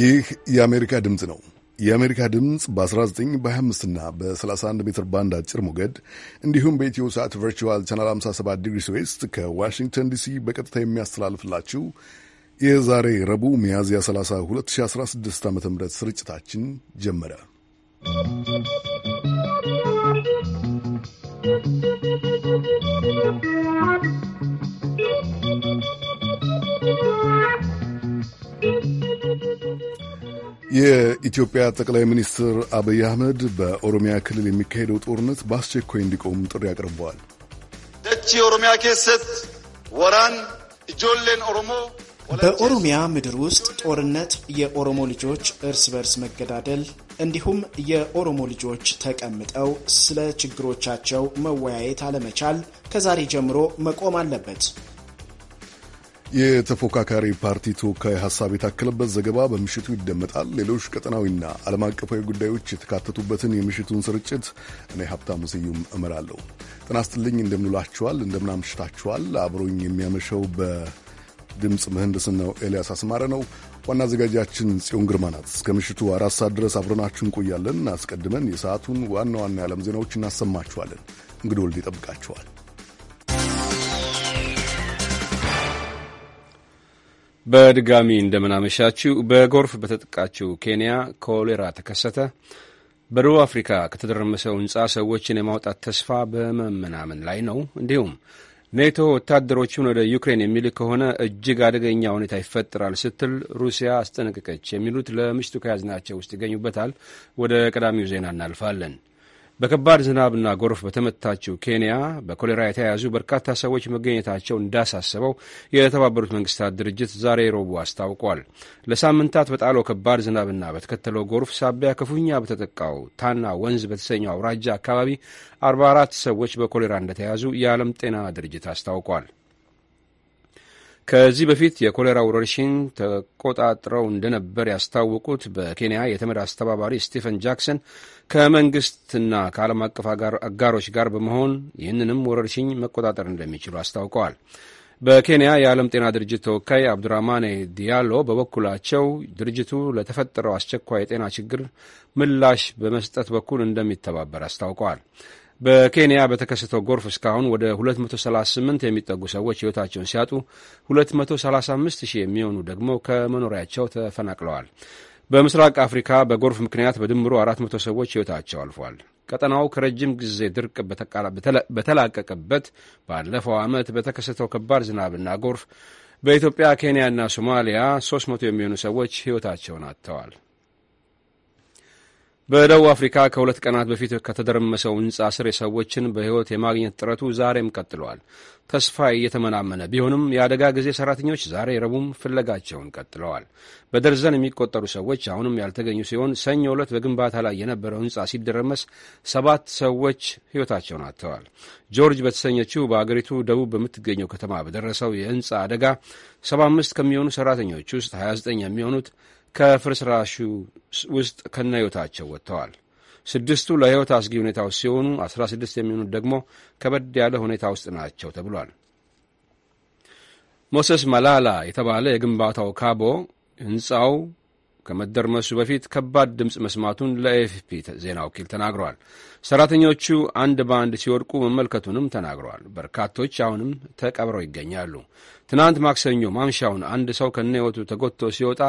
ይህ የአሜሪካ ድምፅ ነው። የአሜሪካ ድምፅ በ19 በ25ና በ31 ሜትር ባንድ አጭር ሞገድ እንዲሁም በኢትዮ ሰዓት ቨርቹዋል ቻናል 57 ዲግሪስ ዌስት ከዋሽንግተን ዲሲ በቀጥታ የሚያስተላልፍላችሁ የዛሬ ረቡዕ ሚያዝያ 30 2016 ዓ ም ስርጭታችን ጀመረ። የኢትዮጵያ ጠቅላይ ሚኒስትር አብይ አህመድ በኦሮሚያ ክልል የሚካሄደው ጦርነት በአስቸኳይ እንዲቆም ጥሪ አቅርበዋል። ደቺ ኦሮሚያ ኬሰት ወራን እጆሌን ኦሮሞ በኦሮሚያ ምድር ውስጥ ጦርነት፣ የኦሮሞ ልጆች እርስ በርስ መገዳደል እንዲሁም የኦሮሞ ልጆች ተቀምጠው ስለ ችግሮቻቸው መወያየት አለመቻል ከዛሬ ጀምሮ መቆም አለበት። የተፎካካሪ ፓርቲ ተወካይ ሀሳብ የታከለበት ዘገባ በምሽቱ ይደመጣል። ሌሎች ቀጠናዊና ዓለም አቀፋዊ ጉዳዮች የተካተቱበትን የምሽቱን ስርጭት እኔ ሀብታሙ ስዩም እመራለሁ። ጤና ይስጥልኝ። እንደምንውላችኋል፣ እንደምናምሽታችኋል። አብሮኝ የሚያመሸው በድምፅ ነው ኤልያስ አስማረ ነው። ዋና አዘጋጃችን ጽዮን ግርማ ናት። እስከ ምሽቱ አራት ሰዓት ድረስ አብረናችሁ እንቆያለን። አስቀድመን የሰዓቱን ዋና ዋና የዓለም ዜናዎች እናሰማችኋለን። እንግዲህ ወልድ ይጠብቃችኋል። በድጋሚ እንደምናመሻችው በጎርፍ በተጠቃችው ኬንያ ኮሌራ ተከሰተ። በደቡብ አፍሪካ ከተደረመሰው ህንፃ ሰዎችን የማውጣት ተስፋ በመመናመን ላይ ነው። እንዲሁም ኔቶ ወታደሮችን ወደ ዩክሬን የሚልክ ከሆነ እጅግ አደገኛ ሁኔታ ይፈጠራል ስትል ሩሲያ አስጠነቀቀች። የሚሉት ለምሽቱ ከያዝናቸው ውስጥ ይገኙበታል። ወደ ቀዳሚው ዜና እናልፋለን። በከባድ ዝናብና ጎርፍ በተመታችው ኬንያ በኮሌራ የተያያዙ በርካታ ሰዎች መገኘታቸው እንዳሳሰበው የተባበሩት መንግስታት ድርጅት ዛሬ ረቡዕ አስታውቋል። ለሳምንታት በጣለው ከባድ ዝናብና በተከተለው ጎርፍ ሳቢያ ክፉኛ በተጠቃው ታና ወንዝ በተሰኘው አውራጃ አካባቢ 44 ሰዎች በኮሌራ እንደተያዙ የዓለም ጤና ድርጅት አስታውቋል። ከዚህ በፊት የኮሌራ ወረርሽኝ ተቆጣጥረው እንደነበር ያስታወቁት በኬንያ የተመድ አስተባባሪ ስቲፈን ጃክሰን ከመንግስትና ከዓለም አቀፍ አጋሮች ጋር በመሆን ይህንንም ወረርሽኝ መቆጣጠር እንደሚችሉ አስታውቀዋል። በኬንያ የዓለም ጤና ድርጅት ተወካይ አብዱራማኔ ዲያሎ በበኩላቸው ድርጅቱ ለተፈጠረው አስቸኳይ የጤና ችግር ምላሽ በመስጠት በኩል እንደሚተባበር አስታውቀዋል። በኬንያ በተከሰተው ጎርፍ እስካሁን ወደ 238 የሚጠጉ ሰዎች ሕይወታቸውን ሲያጡ 235 የሚሆኑ ደግሞ ከመኖሪያቸው ተፈናቅለዋል። በምስራቅ አፍሪካ በጎርፍ ምክንያት በድምሩ 400 ሰዎች ሕይወታቸው አልፏል። ቀጠናው ከረጅም ጊዜ ድርቅ በተላቀቀበት ባለፈው ዓመት በተከሰተው ከባድ ዝናብና ጎርፍ በኢትዮጵያ ኬንያና ሶማሊያ 300 የሚሆኑ ሰዎች ሕይወታቸውን አጥተዋል። በደቡብ አፍሪካ ከሁለት ቀናት በፊት ከተደረመሰው ህንፃ ስር የሰዎችን በሕይወት የማግኘት ጥረቱ ዛሬም ቀጥለዋል። ተስፋ እየተመናመነ ቢሆንም የአደጋ ጊዜ ሠራተኞች ዛሬ ረቡም ፍለጋቸውን ቀጥለዋል። በደርዘን የሚቆጠሩ ሰዎች አሁንም ያልተገኙ ሲሆን ሰኞ ዕለት በግንባታ ላይ የነበረው ህንፃ ሲደረመስ ሰባት ሰዎች ሕይወታቸውን አጥተዋል። ጆርጅ በተሰኘችው በአገሪቱ ደቡብ በምትገኘው ከተማ በደረሰው የህንፃ አደጋ 75 ከሚሆኑ ሠራተኞች ውስጥ 29 የሚሆኑት ከፍርስራሹ ውስጥ ከነህይወታቸው ወጥተዋል። ስድስቱ ለሕይወት አስጊ ሁኔታ ውስጥ ሲሆኑ አስራ ስድስት የሚሆኑት ደግሞ ከበድ ያለ ሁኔታ ውስጥ ናቸው ተብሏል። ሞሰስ መላላ የተባለ የግንባታው ካቦ ህንፃው ከመደርመሱ በፊት ከባድ ድምፅ መስማቱን ለኤፍፒ ዜና ወኪል ተናግረዋል። ሠራተኞቹ አንድ በአንድ ሲወድቁ መመልከቱንም ተናግረዋል። በርካቶች አሁንም ተቀብረው ይገኛሉ። ትናንት ማክሰኞ ማምሻውን አንድ ሰው ከነ ህይወቱ ተጎትቶ ሲወጣ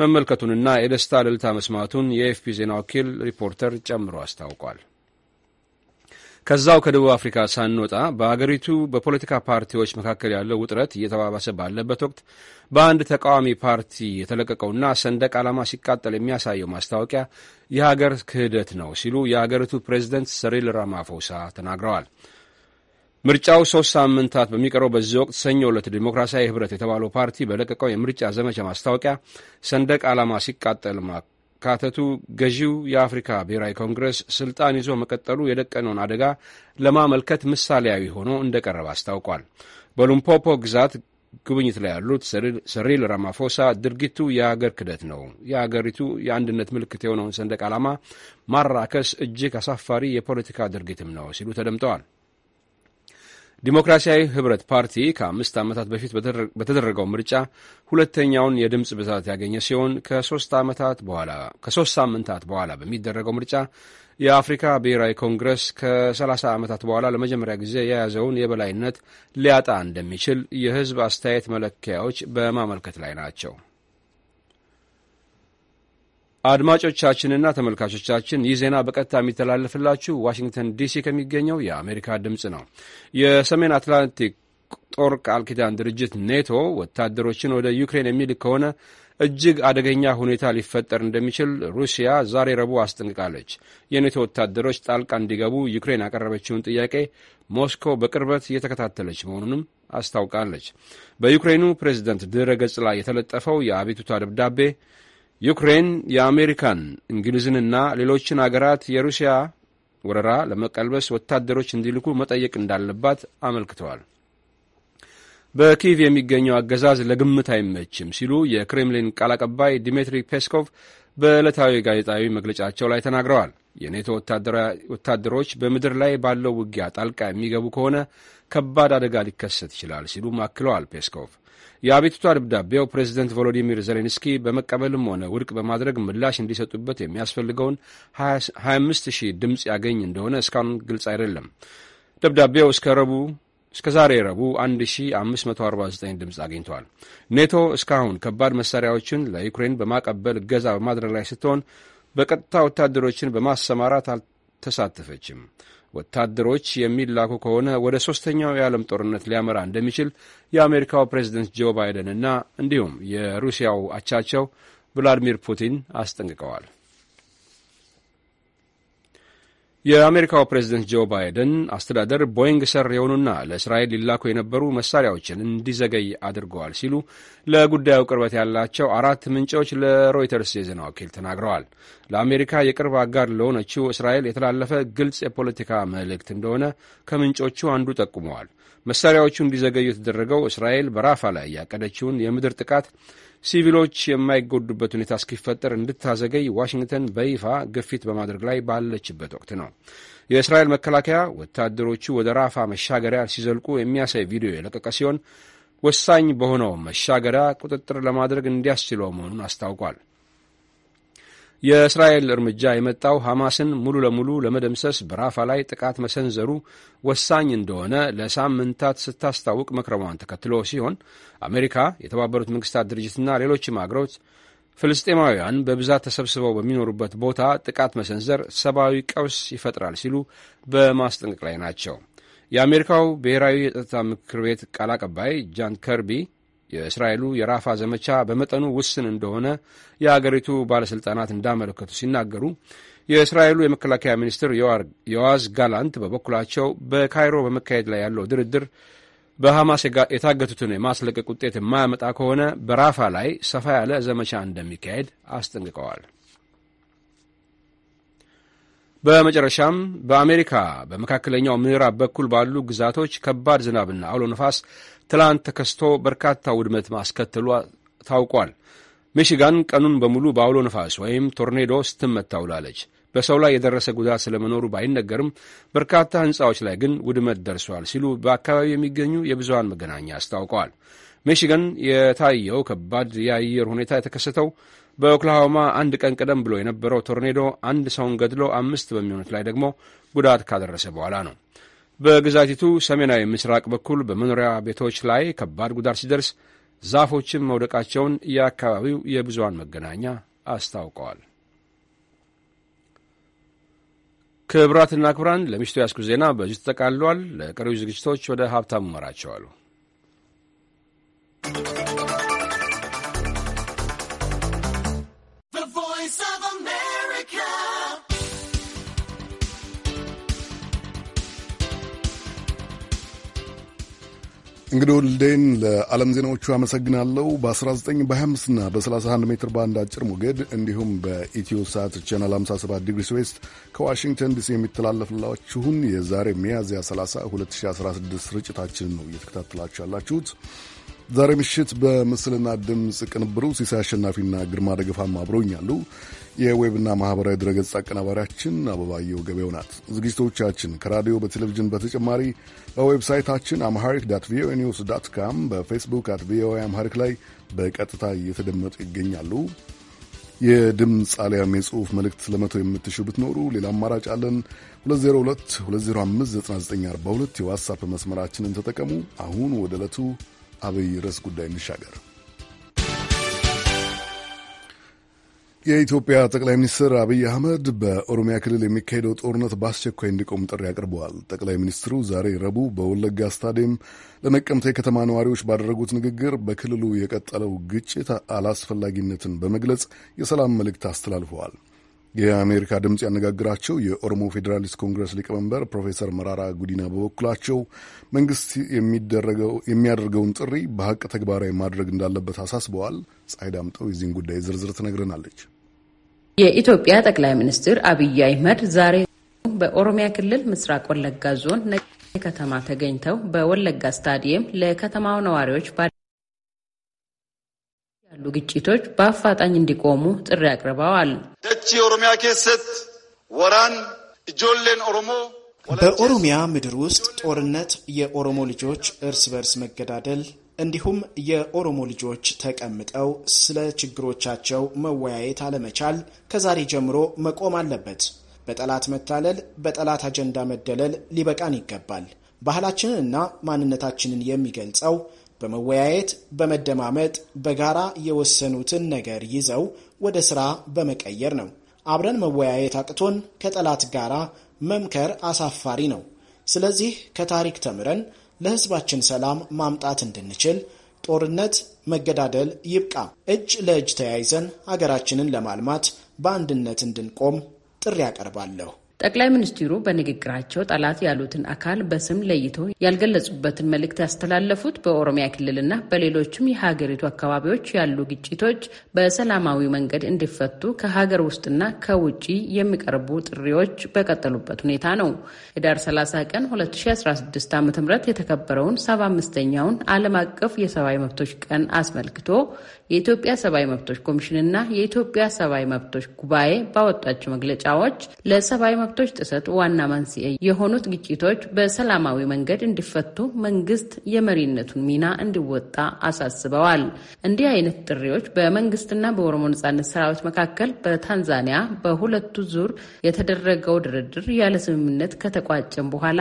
መመልከቱንና የደስታ ልልታ መስማቱን የኤፍፒ ዜና ወኪል ሪፖርተር ጨምሮ አስታውቋል። ከዛው ከደቡብ አፍሪካ ሳንወጣ በአገሪቱ በፖለቲካ ፓርቲዎች መካከል ያለው ውጥረት እየተባባሰ ባለበት ወቅት በአንድ ተቃዋሚ ፓርቲ የተለቀቀውና ሰንደቅ ዓላማ ሲቃጠል የሚያሳየው ማስታወቂያ የሀገር ክህደት ነው ሲሉ የአገሪቱ ፕሬዚደንት ሰሪል ራማፎሳ ተናግረዋል። ምርጫው ሶስት ሳምንታት በሚቀረው በዚህ ወቅት ሰኞ ዕለት ዲሞክራሲያዊ ህብረት የተባለው ፓርቲ በለቀቀው የምርጫ ዘመቻ ማስታወቂያ ሰንደቅ ዓላማ ሲቃጠል ማካተቱ ገዢው የአፍሪካ ብሔራዊ ኮንግረስ ስልጣን ይዞ መቀጠሉ የደቀነውን አደጋ ለማመልከት ምሳሌያዊ ሆኖ እንደቀረበ አስታውቋል። በሉምፖፖ ግዛት ጉብኝት ላይ ያሉት ሰሪል ራማፎሳ ድርጊቱ የአገር ክደት ነው፣ የአገሪቱ የአንድነት ምልክት የሆነውን ሰንደቅ ዓላማ ማራከስ እጅግ አሳፋሪ የፖለቲካ ድርጊትም ነው ሲሉ ተደምጠዋል። ዲሞክራሲያዊ ህብረት ፓርቲ ከአምስት ዓመታት በፊት በተደረገው ምርጫ ሁለተኛውን የድምፅ ብዛት ያገኘ ሲሆን ከሶስት ሳምንታት በኋላ በሚደረገው ምርጫ የአፍሪካ ብሔራዊ ኮንግረስ ከ30 ዓመታት በኋላ ለመጀመሪያ ጊዜ የያዘውን የበላይነት ሊያጣ እንደሚችል የህዝብ አስተያየት መለኪያዎች በማመልከት ላይ ናቸው። አድማጮቻችንና ተመልካቾቻችን ይህ ዜና በቀጥታ የሚተላለፍላችሁ ዋሽንግተን ዲሲ ከሚገኘው የአሜሪካ ድምፅ ነው። የሰሜን አትላንቲክ ጦር ቃል ኪዳን ድርጅት ኔቶ ወታደሮችን ወደ ዩክሬን የሚልክ ከሆነ እጅግ አደገኛ ሁኔታ ሊፈጠር እንደሚችል ሩሲያ ዛሬ ረቡዕ አስጠንቅቃለች። የኔቶ ወታደሮች ጣልቃ እንዲገቡ ዩክሬን ያቀረበችውን ጥያቄ ሞስኮ በቅርበት እየተከታተለች መሆኑንም አስታውቃለች። በዩክሬኑ ፕሬዝደንት ድረ ገጽ ላይ የተለጠፈው የአቤቱታ ደብዳቤ ዩክሬን የአሜሪካን እንግሊዝንና ሌሎችን አገራት የሩሲያ ወረራ ለመቀልበስ ወታደሮች እንዲልኩ መጠየቅ እንዳለባት አመልክተዋል። በኪቭ የሚገኘው አገዛዝ ለግምት አይመችም ሲሉ የክሬምሊን ቃል አቀባይ ዲሚትሪ ፔስኮቭ በዕለታዊ ጋዜጣዊ መግለጫቸው ላይ ተናግረዋል። የኔቶ ወታደሮች በምድር ላይ ባለው ውጊያ ጣልቃ የሚገቡ ከሆነ ከባድ አደጋ ሊከሰት ይችላል ሲሉም አክለዋል ፔስኮቭ የአቤቱታ ደብዳቤው ፕሬዚደንት ቮሎዲሚር ዜሌንስኪ በመቀበልም ሆነ ውድቅ በማድረግ ምላሽ እንዲሰጡበት የሚያስፈልገውን 25 ሺህ ድምፅ ያገኝ እንደሆነ እስካሁን ግልጽ አይደለም። ደብዳቤው እስከ ረቡዕ እስከ ዛሬ ረቡዕ 1549 ድምፅ አግኝተዋል። ኔቶ እስካሁን ከባድ መሳሪያዎችን ለዩክሬን በማቀበል እገዛ በማድረግ ላይ ስትሆን በቀጥታ ወታደሮችን በማሰማራት አልተሳተፈችም። ወታደሮች የሚላኩ ከሆነ ወደ ሶስተኛው የዓለም ጦርነት ሊያመራ እንደሚችል የአሜሪካው ፕሬዝደንት ጆ ባይደንና እንዲሁም የሩሲያው አቻቸው ቭላዲሚር ፑቲን አስጠንቅቀዋል። የአሜሪካው ፕሬዝደንት ጆ ባይደን አስተዳደር ቦይንግ ሰር የሆኑና ለእስራኤል ሊላኩ የነበሩ መሳሪያዎችን እንዲዘገይ አድርገዋል ሲሉ ለጉዳዩ ቅርበት ያላቸው አራት ምንጮች ለሮይተርስ የዜና ወኪል ተናግረዋል። ለአሜሪካ የቅርብ አጋር ለሆነችው እስራኤል የተላለፈ ግልጽ የፖለቲካ መልእክት እንደሆነ ከምንጮቹ አንዱ ጠቁመዋል። መሳሪያዎቹ እንዲዘገዩ የተደረገው እስራኤል በራፋ ላይ ያቀደችውን የምድር ጥቃት ሲቪሎች የማይጎዱበት ሁኔታ እስኪፈጠር እንድታዘገይ ዋሽንግተን በይፋ ግፊት በማድረግ ላይ ባለችበት ወቅት ነው። የእስራኤል መከላከያ ወታደሮቹ ወደ ራፋ መሻገሪያ ሲዘልቁ የሚያሳይ ቪዲዮ የለቀቀ ሲሆን ወሳኝ በሆነው መሻገሪያ ቁጥጥር ለማድረግ እንዲያስችለው መሆኑን አስታውቋል። የእስራኤል እርምጃ የመጣው ሐማስን ሙሉ ለሙሉ ለመደምሰስ በራፋ ላይ ጥቃት መሰንዘሩ ወሳኝ እንደሆነ ለሳምንታት ስታስታውቅ መክረሟን ተከትሎ ሲሆን አሜሪካ፣ የተባበሩት መንግስታት ድርጅትና ሌሎችም አገሮች ፍልስጤማውያን በብዛት ተሰብስበው በሚኖሩበት ቦታ ጥቃት መሰንዘር ሰብአዊ ቀውስ ይፈጥራል ሲሉ በማስጠንቀቅ ላይ ናቸው። የአሜሪካው ብሔራዊ የጸጥታ ምክር ቤት ቃል አቀባይ ጃን ከርቢ የእስራኤሉ የራፋ ዘመቻ በመጠኑ ውስን እንደሆነ የአገሪቱ ባለሥልጣናት እንዳመለከቱ ሲናገሩ የእስራኤሉ የመከላከያ ሚኒስትር ዮዋዝ ጋላንት በበኩላቸው በካይሮ በመካሄድ ላይ ያለው ድርድር በሐማስ የታገቱትን የማስለቀቅ ውጤት የማያመጣ ከሆነ በራፋ ላይ ሰፋ ያለ ዘመቻ እንደሚካሄድ አስጠንቅቀዋል። በመጨረሻም በአሜሪካ በመካከለኛው ምዕራብ በኩል ባሉ ግዛቶች ከባድ ዝናብና አውሎ ነፋስ ትላንት ተከስቶ በርካታ ውድመት ማስከተሉ ታውቋል። ሚሽጋን ቀኑን በሙሉ በአውሎ ነፋስ ወይም ቶርኔዶ ስትመታ ውላለች። በሰው ላይ የደረሰ ጉዳት ስለመኖሩ ባይነገርም በርካታ ሕንፃዎች ላይ ግን ውድመት ደርሷል ሲሉ በአካባቢው የሚገኙ የብዙሃን መገናኛ አስታውቀዋል። ሚሽጋን የታየው ከባድ የአየር ሁኔታ የተከሰተው በኦክላሆማ አንድ ቀን ቀደም ብሎ የነበረው ቶርኔዶ አንድ ሰውን ገድሎ አምስት በሚሆኑት ላይ ደግሞ ጉዳት ካደረሰ በኋላ ነው። በግዛቲቱ ሰሜናዊ ምስራቅ በኩል በመኖሪያ ቤቶች ላይ ከባድ ጉዳት ሲደርስ ዛፎችም መውደቃቸውን የአካባቢው የብዙሃን መገናኛ አስታውቀዋል። ክብራትና ክብራን ለምሽቱ ያስኩ ዜና በዚሁ ተጠቃልሏል። ለቀሪው ዝግጅቶች ወደ ሀብታሙ መራቸዋሉ። እንግዲህ ወልዴን ለዓለም ዜናዎቹ አመሰግናለሁ። በ19 በ25ና በ31 ሜትር ባንድ አጭር ሞገድ እንዲሁም በኢትዮ ሳት ቻናል 57 ዲግሪ ስዌስት ከዋሽንግተን ዲሲ የሚተላለፍላችሁን የዛሬ ሚያዝያ 30 2016 ስርጭታችንን ነው እየተከታተላችሁ ያላችሁት። ዛሬ ምሽት በምስልና ድምፅ ቅንብሩ ሲሳይ አሸናፊና ግርማ ደገፋም አብረውኛሉ። የዌብና ማኅበራዊ ድረገጽ አቀናባሪያችን አበባየው ገበያው ናት። ዝግጅቶቻችን ከራዲዮ በቴሌቪዥን በተጨማሪ በዌብሳይታችን አምሃሪክ ዳት ቪኦኤ ኒውስ ዳት ካም፣ በፌስቡክ አት ቪኦኤ አምሃሪክ ላይ በቀጥታ እየተደመጡ ይገኛሉ። የድምፅ አሊያም የጽሑፍ መልእክት ለመቶ የምትሹ ብትኖሩ ሌላ አማራጭ አለን። 2022059942 የዋትሳፕ መስመራችንን ተጠቀሙ። አሁን ወደ ዕለቱ አብይ ርዕስ ጉዳይ እንሻገር። የኢትዮጵያ ጠቅላይ ሚኒስትር አብይ አህመድ በኦሮሚያ ክልል የሚካሄደው ጦርነት በአስቸኳይ እንዲቆም ጥሪ አቅርበዋል። ጠቅላይ ሚኒስትሩ ዛሬ ረቡዕ በወለጋ ስታዲየም ለነቀምቴ ከተማ ነዋሪዎች ባደረጉት ንግግር በክልሉ የቀጠለው ግጭት አላስፈላጊነትን በመግለጽ የሰላም መልእክት አስተላልፈዋል። የአሜሪካ ድምፅ ያነጋግራቸው የኦሮሞ ፌዴራሊስት ኮንግረስ ሊቀመንበር ፕሮፌሰር መራራ ጉዲና በበኩላቸው መንግስት የሚያደርገውን ጥሪ በሀቅ ተግባራዊ ማድረግ እንዳለበት አሳስበዋል። ፀሐይ ዳምጠው የዚህን ጉዳይ ዝርዝር ትነግረናለች። የኢትዮጵያ ጠቅላይ ሚኒስትር አብይ አህመድ ዛሬ በኦሮሚያ ክልል ምስራቅ ወለጋ ዞን ነቀምቴ ከተማ ተገኝተው በወለጋ ስታዲየም ለከተማው ነዋሪዎች ያሉ ግጭቶች በአፋጣኝ እንዲቆሙ ጥሪ አቅርበዋል። Dachii ኦሮሚያ keessatti ወራን ijoolleen ኦሮሞ በኦሮሚያ ምድር ውስጥ ጦርነት፣ የኦሮሞ ልጆች እርስ በርስ መገዳደል እንዲሁም የኦሮሞ ልጆች ተቀምጠው ስለ ችግሮቻቸው መወያየት አለመቻል ከዛሬ ጀምሮ መቆም አለበት። በጠላት መታለል፣ በጠላት አጀንዳ መደለል ሊበቃን ይገባል። ባህላችንንና ማንነታችንን የሚገልጸው በመወያየት በመደማመጥ በጋራ የወሰኑትን ነገር ይዘው ወደ ስራ በመቀየር ነው። አብረን መወያየት አቅቶን ከጠላት ጋር መምከር አሳፋሪ ነው። ስለዚህ ከታሪክ ተምረን ለህዝባችን ሰላም ማምጣት እንድንችል ጦርነት፣ መገዳደል ይብቃ። እጅ ለእጅ ተያይዘን አገራችንን ለማልማት በአንድነት እንድንቆም ጥሪ ያቀርባለሁ። ጠቅላይ ሚኒስትሩ በንግግራቸው ጠላት ያሉትን አካል በስም ለይተው ያልገለጹበትን መልእክት ያስተላለፉት በኦሮሚያ ክልልና በሌሎችም የሀገሪቱ አካባቢዎች ያሉ ግጭቶች በሰላማዊ መንገድ እንዲፈቱ ከሀገር ውስጥና ከውጭ የሚቀርቡ ጥሪዎች በቀጠሉበት ሁኔታ ነው። ህዳር 30 ቀን 2016 ዓ.ም የተከበረውን 75ኛውን ዓለም አቀፍ የሰብአዊ መብቶች ቀን አስመልክቶ የኢትዮጵያ ሰብአዊ መብቶች ኮሚሽንና የኢትዮጵያ ሰብአዊ መብቶች ጉባኤ ባወጣቸው መግለጫዎች ለሰብአዊ መብቶች ጥሰት ዋና መንስኤ የሆኑት ግጭቶች በሰላማዊ መንገድ እንዲፈቱ መንግስት የመሪነቱን ሚና እንዲወጣ አሳስበዋል። እንዲህ አይነት ጥሪዎች በመንግስትና በኦሮሞ ነጻነት ሰራዊት መካከል በታንዛኒያ በሁለቱ ዙር የተደረገው ድርድር ያለ ስምምነት ከተቋጨም በኋላ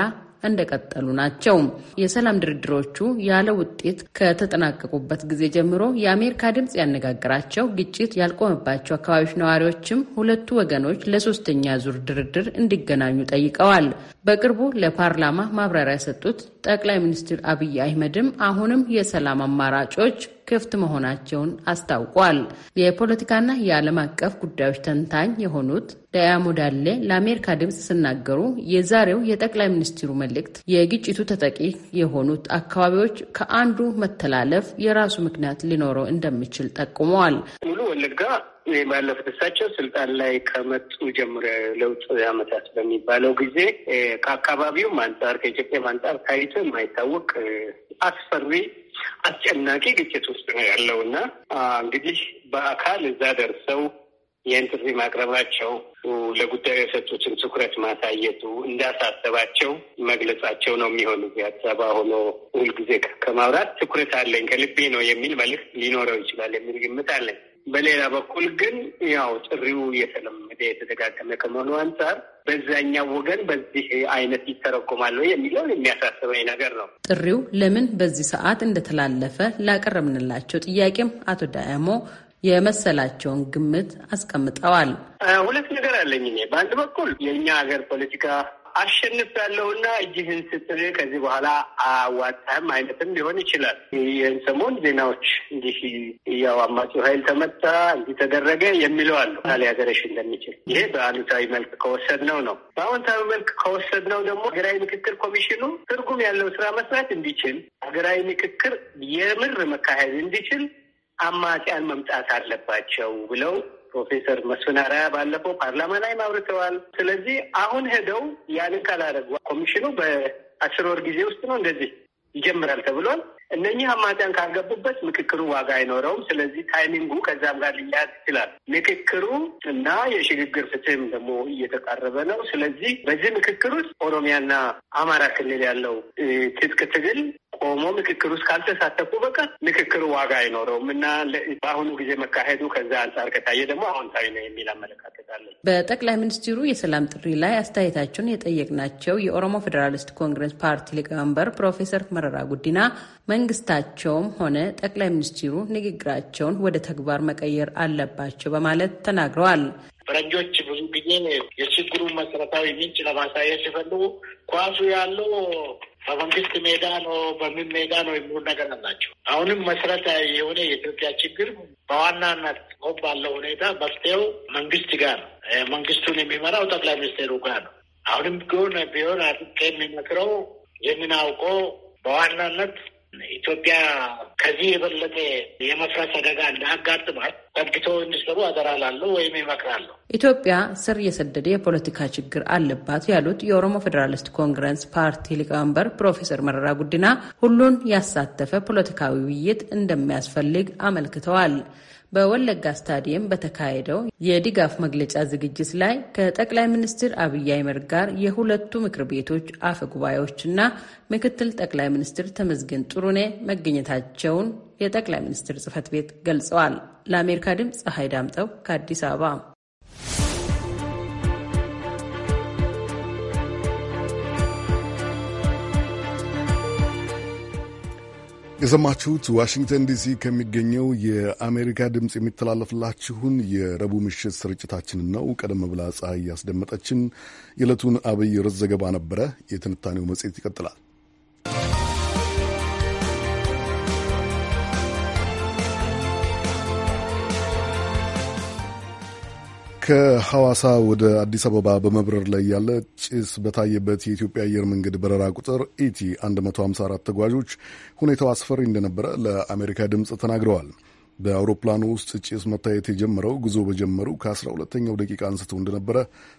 እንደቀጠሉ ናቸው። የሰላም ድርድሮቹ ያለ ውጤት ከተጠናቀቁበት ጊዜ ጀምሮ የአሜሪካ ድምፅ ያነጋገራቸው ግጭት ያልቆመባቸው አካባቢዎች ነዋሪዎችም ሁለቱ ወገኖች ለሶስተኛ ዙር ድርድር እንዲገናኙ ጠይቀዋል። በቅርቡ ለፓርላማ ማብራሪያ የሰጡት ጠቅላይ ሚኒስትር አብይ አህመድም አሁንም የሰላም አማራጮች ክፍት መሆናቸውን አስታውቋል። የፖለቲካና የዓለም አቀፍ ጉዳዮች ተንታኝ የሆኑት ዳያሞዳሌ ለአሜሪካ ድምፅ ሲናገሩ የዛሬው የጠቅላይ ሚኒስትሩ መልእክት የግጭቱ ተጠቂ የሆኑት አካባቢዎች ከአንዱ መተላለፍ የራሱ ምክንያት ሊኖረው እንደሚችል ጠቁመዋል። ሙሉ ወለጋ ባለፉት እሳቸው ስልጣን ላይ ከመጡ ጀምሮ ለውጥ አመታት በሚባለው ጊዜ ከአካባቢውም አንጻር ከኢትዮጵያም አንጻር ታይቶ የማይታወቅ አስፈሪ አስጨናቂ ግጭት ውስጥ ነው ያለው እና እንግዲህ በአካል እዛ ደርሰው ይህን ማቅረባቸው ለጉዳዩ የሰጡትን ትኩረት ማሳየቱ እንዳሳሰባቸው መግለጻቸው ነው የሚሆኑ አዲስ አበባ ሆኖ ሁልጊዜ ከማውራት ትኩረት አለኝ ከልቤ ነው የሚል መልዕክት ሊኖረው ይችላል የሚል ግምት አለኝ። በሌላ በኩል ግን ያው ጥሪው የተለመደ የተደጋገመ ከመሆኑ አንጻር በዛኛው ወገን በዚህ አይነት ይተረጎማል የሚለው የሚያሳስበኝ ነገር ነው። ጥሪው ለምን በዚህ ሰዓት እንደተላለፈ ላቀረብንላቸው ጥያቄም አቶ ዳያሞ የመሰላቸውን ግምት አስቀምጠዋል። ሁለት ነገር አለኝ። በአንድ በኩል የእኛ ሀገር ፖለቲካ አሸንፍ ያለውና እጅህን ስጥር ከዚህ በኋላ አዋጣህም አይነትም ሊሆን ይችላል። ይህን ሰሞን ዜናዎች እንዲህ ያው አማጺው ኃይል ተመታ እንዲህ ተደረገ የሚለው አሉ ታሊ ሀገረሽ እንደሚችል ይሄ በአሉታዊ መልክ ከወሰድነው ነው። በአዎንታዊ መልክ ከወሰድነው ደግሞ ሀገራዊ ምክክር ኮሚሽኑ ትርጉም ያለው ስራ መስራት እንዲችል ሀገራዊ ምክክር የምር መካሄድ እንዲችል አማጺያን መምጣት አለባቸው ብለው ፕሮፌሰር መስፍን አራያ ባለፈው ፓርላማ ላይ አውርተዋል። ስለዚህ አሁን ሄደው ያንን ካላደረጉ ኮሚሽኑ በአስር ወር ጊዜ ውስጥ ነው እንደዚህ ይጀምራል ተብሏል። እነኚህ አማጽያን ካልገቡበት ምክክሩ ዋጋ አይኖረውም። ስለዚህ ታይሚንጉ ከዛም ጋር ሊያያዝ ይችላል። ምክክሩ እና የሽግግር ፍትህም ደግሞ እየተቃረበ ነው። ስለዚህ በዚህ ምክክር ውስጥ ኦሮሚያና አማራ ክልል ያለው ትጥቅ ትግል ቆሞ ምክክር ውስጥ ካልተሳተፉ በቀር ምክክሩ ዋጋ አይኖረውም እና በአሁኑ ጊዜ መካሄዱ ከዛ አንጻር ከታየ ደግሞ አዎንታዊ ነው የሚል አመለካከት አለን። በጠቅላይ ሚኒስትሩ የሰላም ጥሪ ላይ አስተያየታቸውን የጠየቅናቸው የኦሮሞ ፌዴራሊስት ኮንግረስ ፓርቲ ሊቀመንበር ፕሮፌሰር መረራ ጉዲና መንግስታቸውም ሆነ ጠቅላይ ሚኒስትሩ ንግግራቸውን ወደ ተግባር መቀየር አለባቸው በማለት ተናግረዋል። ፈረንጆች ብዙ ጊዜ የችግሩን መሰረታዊ ምንጭ ለማሳየት ሲፈልጉ ኳሱ ያለው በመንግስት ሜዳ ነው፣ በምን ሜዳ ነው የሚሉ ነገር አላቸው። አሁንም መሰረታዊ የሆነ የኢትዮጵያ ችግር በዋናነት ሆ ባለው ሁኔታ መፍትሄው መንግስት ጋር ነው። መንግስቱን የሚመራው ጠቅላይ ሚኒስትሩ ጋር ነው። አሁንም ቢሆን ቢሆን አጥቄ የሚመክረው ይህንን አውቆ በዋናነት ኢትዮጵያ ከዚህ የበለጠ የመፍረስ አደጋ እንዳያጋጥማት ጠግቶ እንዲሰሩ አደራ ወይም ይመክራለሁ። ኢትዮጵያ ስር የሰደደ የፖለቲካ ችግር አለባት ያሉት የኦሮሞ ፌዴራሊስት ኮንግረስ ፓርቲ ሊቀመንበር ፕሮፌሰር መረራ ጉዲና ሁሉን ያሳተፈ ፖለቲካዊ ውይይት እንደሚያስፈልግ አመልክተዋል። በወለጋ ስታዲየም በተካሄደው የድጋፍ መግለጫ ዝግጅት ላይ ከጠቅላይ ሚኒስትር አብይ አህመድ ጋር የሁለቱ ምክር ቤቶች አፈ ጉባኤዎችና ምክትል ጠቅላይ ሚኒስትር ተመስገን ጥሩኔ መገኘታቸውን የጠቅላይ ሚኒስትር ጽህፈት ቤት ገልጸዋል። ለአሜሪካ ድምፅ ፀሐይ ዳምጠው ከአዲስ አበባ የሰማችሁት ዋሽንግተን ዲሲ ከሚገኘው የአሜሪካ ድምፅ የሚተላለፍላችሁን የረቡዕ ምሽት ስርጭታችንን ነው። ቀደም ብላ ፀሐይ ያስደመጠችን የዕለቱን አብይ ርዕስ ዘገባ ነበረ። የትንታኔው መጽሔት ይቀጥላል። ከሐዋሳ ወደ አዲስ አበባ በመብረር ላይ ያለ ጭስ በታየበት የኢትዮጵያ አየር መንገድ በረራ ቁጥር ኢቲ 154 ተጓዦች ሁኔታው አስፈሪ እንደነበረ ለአሜሪካ ድምፅ ተናግረዋል። በአውሮፕላኑ ውስጥ ጭስ መታየት የጀመረው ጉዞ በጀመሩ ከአስራ ሁለተኛው ደቂቃ አንስቶ እንደነበረ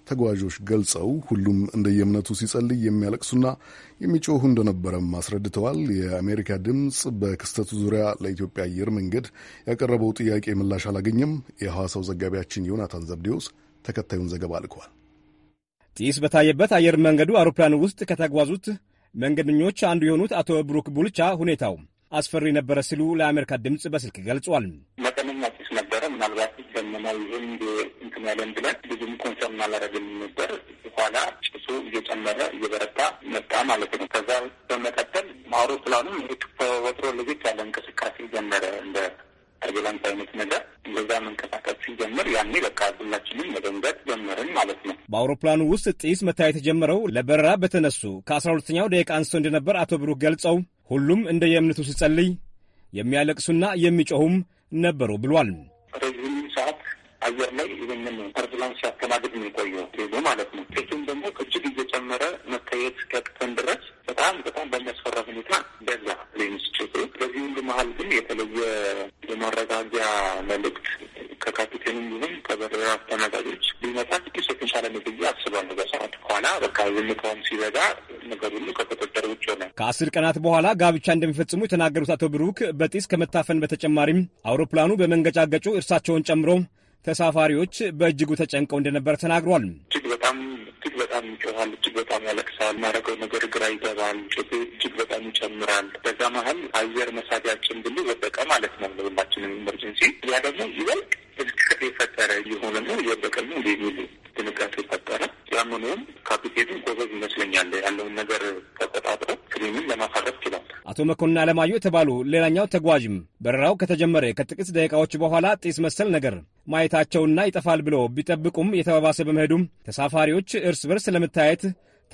ተጓዦች ገልጸው ሁሉም እንደየእምነቱ ሲጸልይ የሚያለቅሱና የሚጮሁ እንደነበረም አስረድተዋል። የአሜሪካ ድምፅ በክስተቱ ዙሪያ ለኢትዮጵያ አየር መንገድ ያቀረበው ጥያቄ ምላሽ አላገኘም። የሐዋሳው ዘጋቢያችን ዮናታን ዘብዴዎስ ተከታዩን ዘገባ ልከዋል። ጢስ በታየበት አየር መንገዱ አውሮፕላን ውስጥ ከተጓዙት መንገደኞች አንዱ የሆኑት አቶ ብሩክ ቡልቻ ሁኔታው አስፈሪ ነበረ ሲሉ ለአሜሪካ ድምፅ በስልክ ገልጿል። መጠነኛ ጭስ ነበረ። ምናልባት ዘመናዊ ህንድ እንትን ያለን ብለን ብዙም ኮንሰርን አላረግን ነበር። በኋላ ጭሱ እየጨመረ እየበረታ መጣ ማለት ነው። ከዛ በመቀጠል አውሮፕላኑም ወትሮ ልጆች ያለ እንቅስቃሴ ጀመረ እንደ አርቤላንስ አይነት ነገር እንደዛ መንቀሳቀስ ሲጀምር ያኔ በቃ ሁላችንም መደንገጥ ጀመርን ማለት ነው። በአውሮፕላኑ ውስጥ ጢስ መታየት የጀመረው ለበረራ በተነሱ ከአስራ ሁለተኛው ደቂቃ አንስቶ እንደነበር አቶ ብሩክ ገልጸው ሁሉም እንደ የእምነቱ ሲጸልይ የሚያለቅሱና የሚጮሁም ነበሩ ብሏል። ረዥም ሰዓት አየር ላይ ይህንን ተርቡላንስ ሲያስተናግድ ነው የቆየው ማለት ነው። ቴቱም ደግሞ እጅግ እየጨመረ መታየት ከቅተን ድረስ በጣም በጣም በሚያስፈራ ሁኔታ እንደዛ ሌሚስችቱ በዚህ ሁሉ መሀል ግን የተለየ የማረጋጊያ መልእክት ከካፒቴንም ይሁን ከበረራ አስተናጋጆች ሊመጣ ጥቂት ሰዎች ቻለን ብዬ አስባለሁ። በሰዓት በኋላ በቃ ዝምታውም ሲበዛ ነገር ሁሉ ከቁጥጥር ውጭ ሆነ። ከአስር ቀናት በኋላ ጋብቻ እንደሚፈጽሙ የተናገሩት አቶ ብሩክ በጢስ ከመታፈን በተጨማሪም አውሮፕላኑ በመንገጫገጩ እርሳቸውን ጨምሮ ተሳፋሪዎች በእጅጉ ተጨንቀው እንደነበር ተናግሯል። እጅግ በጣም በጣም ይጮሃል፣ እጅግ በጣም ያለቅሳል። ማድረገው ነገር ግራ ይገባል። ጩቤ እጅግ በጣም ይጨምራል። በዛ መሀል አየር መሳቢያችን ብሉ ወደቀ ማለት ነው ለሁላችንም ኢመርጀንሲ። ያ ደግሞ ይበልጥ ዝግቅት የፈጠረ የሆነ ነው የወደቀ ነው የሚሉ ድንጋጤ ፈጠረ። ያምኑም ካፒቴኑ ጎበዝ ይመስለኛል ያለውን ነገር ተቆጣጥሮ ክሬምን ለማሳረፍ ችሏል። አቶ መኮንን አለማዩ የተባሉ ሌላኛው ተጓዥም በረራው ከተጀመረ ከጥቂት ደቂቃዎች በኋላ ጢስ መሰል ነገር ማየታቸውና ይጠፋል ብሎ ቢጠብቁም የተባባሰ በመሄዱም ተሳፋሪዎች እርስ በርስ ለመታየት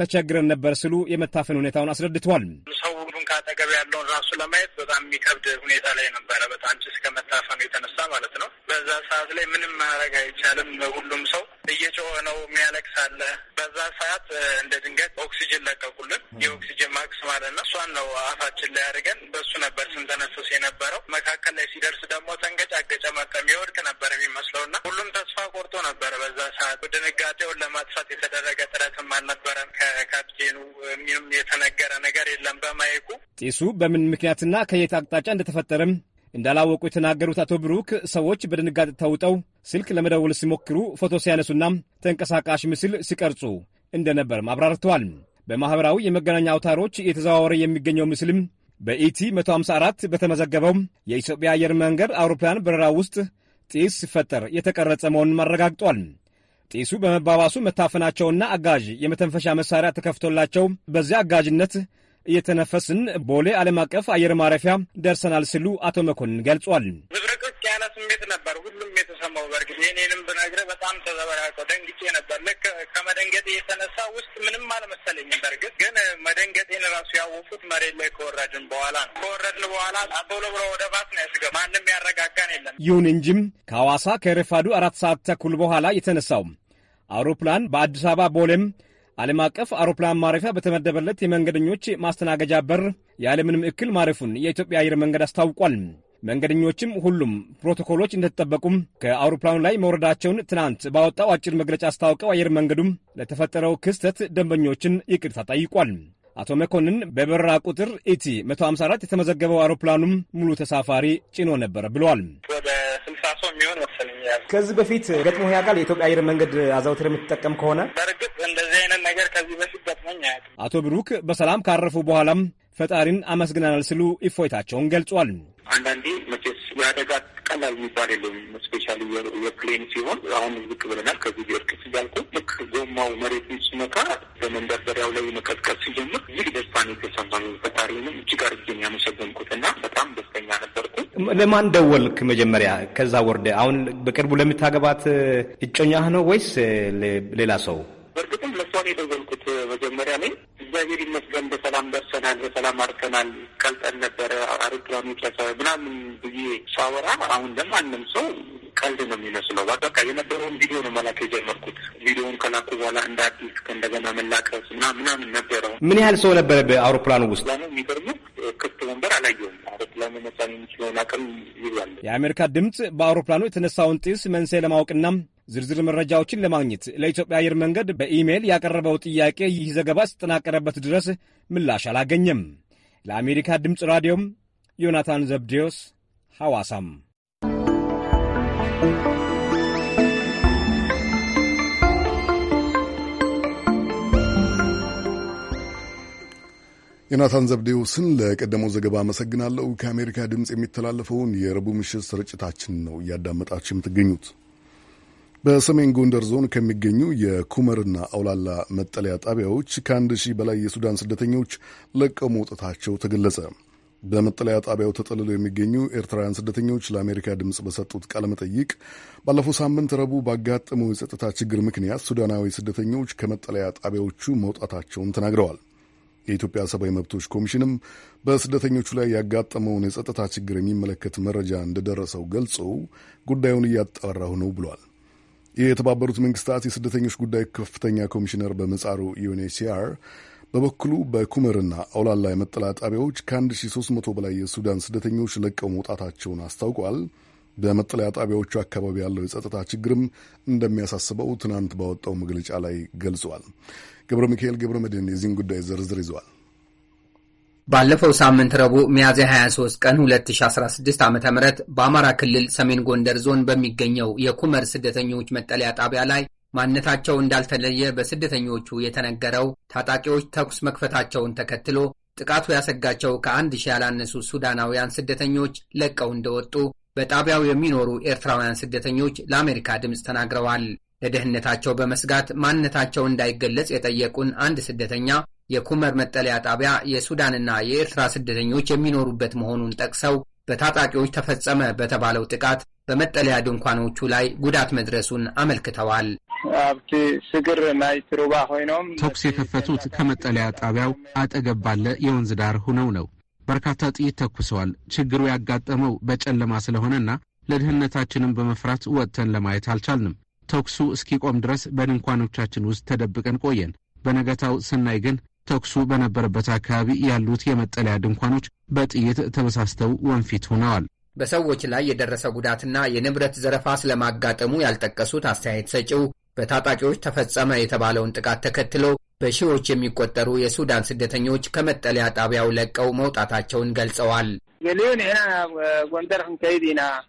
ተቸግረን ነበር ስሉ የመታፈን ሁኔታውን አስረድተዋል። ሰው ሁሉን ከአጠገብ ያለውን ራሱ ለማየት በጣም የሚከብድ ሁኔታ ላይ ነበረ። በጣም ጭስ ከመታፈኑ የተነሳ ማለት ነው። በዛ ሰዓት ላይ ምንም ማድረግ አይቻልም። ሁሉም ሰው እየጮኸ ነው የሚያለቅስ አለ። በዛ ሰዓት እንደ ድንገት ኦክሲጅን ለቀቁልን፣ የኦክሲጅን ማክስ ማለት ነው። እሷን ነው አፋችን ላይ አድርገን በሱ ነበር ስንተነፍስ የነበረው። መካከል ላይ ሲደርስ ደግሞ ተንገጫገጨ፣ መቀም የወድቅ ነበር የሚመስለው እና ሁሉም ተስፋ ቆርጦ ነበረ። በዛ ሰዓት ድንጋጤውን ለማጥፋት የተደረገ ጥረትም አልነበረም። ከካፕቴኑ ምንም የተነገረ ነገር የለም። በማይኩ ጢሱ በምን ምክንያትና ከየት አቅጣጫ እንደተፈጠረም እንዳላወቁ የተናገሩት አቶ ብሩክ ሰዎች በድንጋጤ ተውጠው ስልክ ለመደወል ሲሞክሩ ፎቶ ሲያነሱና ተንቀሳቃሽ ምስል ሲቀርጹ እንደነበርም አብራርተዋል። በማኅበራዊ የመገናኛ አውታሮች የተዘዋወረ የሚገኘው ምስልም በኢቲ 154 በተመዘገበው የኢትዮጵያ አየር መንገድ አውሮፕላን በረራ ውስጥ ጢስ ሲፈጠር የተቀረጸ መሆኑን አረጋግጧል። ጢሱ በመባባሱ መታፈናቸውና አጋዥ የመተንፈሻ መሳሪያ ተከፍቶላቸው በዚያ አጋዥነት እየተነፈስን ቦሌ ዓለም አቀፍ አየር ማረፊያ ደርሰናል ሲሉ አቶ መኮንን ገልጿል። መብረቆች ያለ ስሜት ነበር። ሁሉም የተሰማው በእርግጥ የኔንም ብነግርህ በጣም ተዘበራቀ ደንግጬ ነበር። ልክ ከመደንገጤ የተነሳ ውስጥ ምንም አልመሰለኝም። በእርግጥ ግን መደንገጤን ራሱ ያወቁት መሬት ላይ ከወረድን በኋላ ነው። ከወረድን በኋላ አበሎ ብሎ ወደ ባት ነው ያስገ ማንም ያረጋጋን የለም። ይሁን እንጂም ከሐዋሳ ከረፋዱ አራት ሰዓት ተኩል በኋላ የተነሳው አውሮፕላን በአዲስ አበባ ቦሌም ዓለም አቀፍ አውሮፕላን ማረፊያ በተመደበለት የመንገደኞች ማስተናገጃ በር ያለምንም እክል ማረፉን የኢትዮጵያ አየር መንገድ አስታውቋል። መንገደኞችም ሁሉም ፕሮቶኮሎች እንደተጠበቁም ከአውሮፕላኑ ላይ መውረዳቸውን ትናንት ባወጣው አጭር መግለጫ አስታውቀው አየር መንገዱም ለተፈጠረው ክስተት ደንበኞችን ይቅርታ ጠይቋል። አቶ መኮንን በበረራ ቁጥር ኢቲ 154 የተመዘገበው አውሮፕላኑም ሙሉ ተሳፋሪ ጭኖ ነበረ ብለዋል። ከዚህ በፊት ገጥሞ ያውቃል? የኢትዮጵያ አየር መንገድ አዘውትር የምትጠቀም ከሆነ በእርግጥ እንደዚህ አይነት ነገር ከዚህ በፊት ገጥሞኝ አያውቅም። አቶ ብሩክ በሰላም ካረፉ በኋላም ፈጣሪን አመስግናናል ስሉ እፎይታቸውን ገልጿል። አንዳንዴ መቼስ የአደጋ ቀላል የሚባል የለም። ስፔሻሊ የፕሌን ሲሆን አሁን ዝቅ ብለናል። ከዚህ ቢወድቅስ እያልኩ ልክ ጎማው መሬት ሲመታ በመንደርደሪያው ላይ መቀጥቀጥ ሲጀምር ይህ ደስታን የተሰማኝ ፈጣሪንም እጅግ አርጌን ያመሰገንኩት እና በጣም ደስተኛ ነበርኩ። ለማን ደወልክ መጀመሪያ? ከዛ ወርደ አሁን በቅርቡ ለምታገባት እጮኛህ ነው ወይስ ሌላ ሰው? በእርግጥም ለሷን የደወልኩት መጀመሪያ ላይ እግዚአብሔር ይመስገን በሰላም ደርሰናል፣ በሰላም አርፈናል፣ ቀልጠን ነበረ አውሮፕላኑ ጨሰ ምናምን ብዬ ሳወራ፣ አሁን ለማንም ሰው ቀልድ ነው የሚመስለው። በቃ የነበረውን ቪዲዮ ነው መላክ የጀመርኩት። ቪዲዮውን ከላኩ በኋላ እንደ አዲስ ከእንደገና መላቀስ እና ምናምን ነበረው። ምን ያህል ሰው ነበረ በአውሮፕላኑ ውስጥ? የሚገርሙ ክፍት ወንበር አላየውም። አውሮፕላኑ መሳን የሚችለውን አቅም ይዟል። የአሜሪካ ድምፅ በአውሮፕላኑ የተነሳውን ጢስ መንስኤ ለማወቅና ዝርዝር መረጃዎችን ለማግኘት ለኢትዮጵያ አየር መንገድ በኢሜይል ያቀረበው ጥያቄ ይህ ዘገባ እስጠናቀረበት ድረስ ምላሽ አላገኘም። ለአሜሪካ ድምፅ ራዲዮም ዮናታን ዘብዴዎስ ሐዋሳም። ዮናታን ዘብዴዎስን ለቀደመው ዘገባ አመሰግናለሁ። ከአሜሪካ ድምፅ የሚተላለፈውን የረቡዕ ምሽት ስርጭታችን ነው እያዳመጣችሁ የምትገኙት። በሰሜን ጎንደር ዞን ከሚገኙ የኩመርና አውላላ መጠለያ ጣቢያዎች ከአንድ ሺህ በላይ የሱዳን ስደተኞች ለቀው መውጣታቸው ተገለጸ። በመጠለያ ጣቢያው ተጠልለው የሚገኙ ኤርትራውያን ስደተኞች ለአሜሪካ ድምፅ በሰጡት ቃለ መጠይቅ ባለፈው ሳምንት ረቡዕ ባጋጠመው የጸጥታ ችግር ምክንያት ሱዳናዊ ስደተኞች ከመጠለያ ጣቢያዎቹ መውጣታቸውን ተናግረዋል። የኢትዮጵያ ሰብአዊ መብቶች ኮሚሽንም በስደተኞቹ ላይ ያጋጠመውን የጸጥታ ችግር የሚመለከት መረጃ እንደደረሰው ገልጾ ጉዳዩን እያጣራሁ ነው ብሏል። የተባበሩት መንግስታት የስደተኞች ጉዳይ ከፍተኛ ኮሚሽነር በምጻሩ ዩኤንኤችሲአር በበኩሉ በኩመርና አውላላ የመጠለያ ጣቢያዎች ከ1300 በላይ የሱዳን ስደተኞች ለቀው መውጣታቸውን አስታውቋል። በመጠለያ ጣቢያዎቹ አካባቢ ያለው የጸጥታ ችግርም እንደሚያሳስበው ትናንት ባወጣው መግለጫ ላይ ገልጿል። ገብረ ሚካኤል ገብረ መድህን የዚህን ጉዳይ ዝርዝር ይዘዋል። ባለፈው ሳምንት ረቡዕ ሚያዝያ 23 ቀን 2016 ዓ ም በአማራ ክልል ሰሜን ጎንደር ዞን በሚገኘው የኩመር ስደተኞች መጠለያ ጣቢያ ላይ ማንነታቸው እንዳልተለየ በስደተኞቹ የተነገረው ታጣቂዎች ተኩስ መክፈታቸውን ተከትሎ ጥቃቱ ያሰጋቸው ከአንድ ሺህ ያላነሱ ሱዳናውያን ስደተኞች ለቀው እንደወጡ በጣቢያው የሚኖሩ ኤርትራውያን ስደተኞች ለአሜሪካ ድምፅ ተናግረዋል። ለደህንነታቸው በመስጋት ማንነታቸው እንዳይገለጽ የጠየቁን አንድ ስደተኛ የኩመር መጠለያ ጣቢያ የሱዳንና የኤርትራ ስደተኞች የሚኖሩበት መሆኑን ጠቅሰው በታጣቂዎች ተፈጸመ በተባለው ጥቃት በመጠለያ ድንኳኖቹ ላይ ጉዳት መድረሱን አመልክተዋል። ኣብቲ ስግር ናይ ትሩባ ኮይኖም ተኩስ የከፈቱት ከመጠለያ ጣቢያው አጠገብ ባለ የወንዝ ዳር ሆነው ነው። በርካታ ጥይት ተኩሰዋል። ችግሩ ያጋጠመው በጨለማ ስለሆነና ለድህነታችንም በመፍራት ወጥተን ለማየት አልቻልንም። ተኩሱ እስኪቆም ድረስ በድንኳኖቻችን ውስጥ ተደብቀን ቆየን። በነገታው ስናይ ግን ተኩሱ በነበረበት አካባቢ ያሉት የመጠለያ ድንኳኖች በጥይት ተበሳስተው ወንፊት ሆነዋል። በሰዎች ላይ የደረሰ ጉዳትና የንብረት ዘረፋ ስለማጋጠሙ ያልጠቀሱት አስተያየት ሰጪው በታጣቂዎች ተፈጸመ የተባለውን ጥቃት ተከትሎ በሺዎች የሚቆጠሩ የሱዳን ስደተኞች ከመጠለያ ጣቢያው ለቀው መውጣታቸውን ገልጸዋል።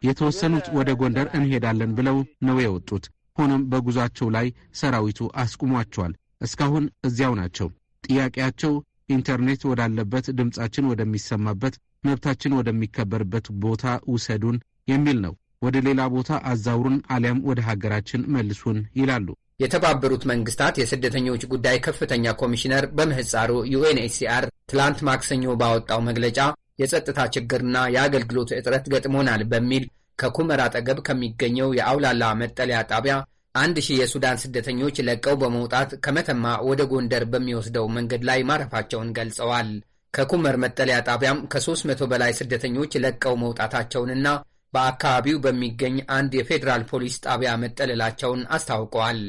የተወሰኑት ወደ ጎንደር እንሄዳለን ብለው ነው የወጡት። ሆኖም በጉዟቸው ላይ ሰራዊቱ አስቁሟቸዋል። እስካሁን እዚያው ናቸው። ጥያቄያቸው ኢንተርኔት ወዳለበት፣ ድምፃችን ወደሚሰማበት፣ መብታችን ወደሚከበርበት ቦታ ውሰዱን የሚል ነው። ወደ ሌላ ቦታ አዛውሩን አሊያም ወደ ሀገራችን መልሱን ይላሉ። የተባበሩት መንግስታት የስደተኞች ጉዳይ ከፍተኛ ኮሚሽነር በምህፃሩ ዩኤንኤችሲአር ትላንት ማክሰኞ ባወጣው መግለጫ የጸጥታ ችግርና የአገልግሎት እጥረት ገጥሞናል በሚል ከኩመር አጠገብ ከሚገኘው የአውላላ መጠለያ ጣቢያ አንድ ሺህ የሱዳን ስደተኞች ለቀው በመውጣት ከመተማ ወደ ጎንደር በሚወስደው መንገድ ላይ ማረፋቸውን ገልጸዋል። ከኩመር መጠለያ ጣቢያም ከ300 በላይ ስደተኞች ለቀው መውጣታቸውንና በአካባቢው በሚገኝ አንድ የፌዴራል ፖሊስ ጣቢያ መጠለላቸውን አስታውቀዋል።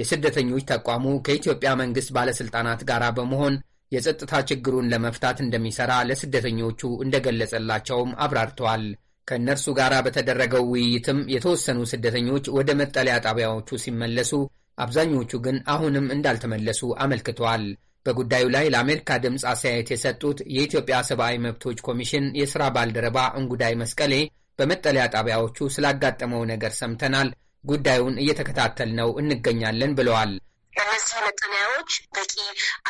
የስደተኞች ተቋሙ ከኢትዮጵያ መንግሥት ባለሥልጣናት ጋር በመሆን የጸጥታ ችግሩን ለመፍታት እንደሚሠራ ለስደተኞቹ እንደገለጸላቸውም አብራርተዋል። ከእነርሱ ጋር በተደረገው ውይይትም የተወሰኑ ስደተኞች ወደ መጠለያ ጣቢያዎቹ ሲመለሱ፣ አብዛኞቹ ግን አሁንም እንዳልተመለሱ አመልክተዋል። በጉዳዩ ላይ ለአሜሪካ ድምፅ አስተያየት የሰጡት የኢትዮጵያ ሰብአዊ መብቶች ኮሚሽን የሥራ ባልደረባ እንጉዳይ መስቀሌ በመጠለያ ጣቢያዎቹ ስላጋጠመው ነገር ሰምተናል፣ ጉዳዩን እየተከታተልነው እንገኛለን ብለዋል። እነዚህ መጠለያዎች በቂ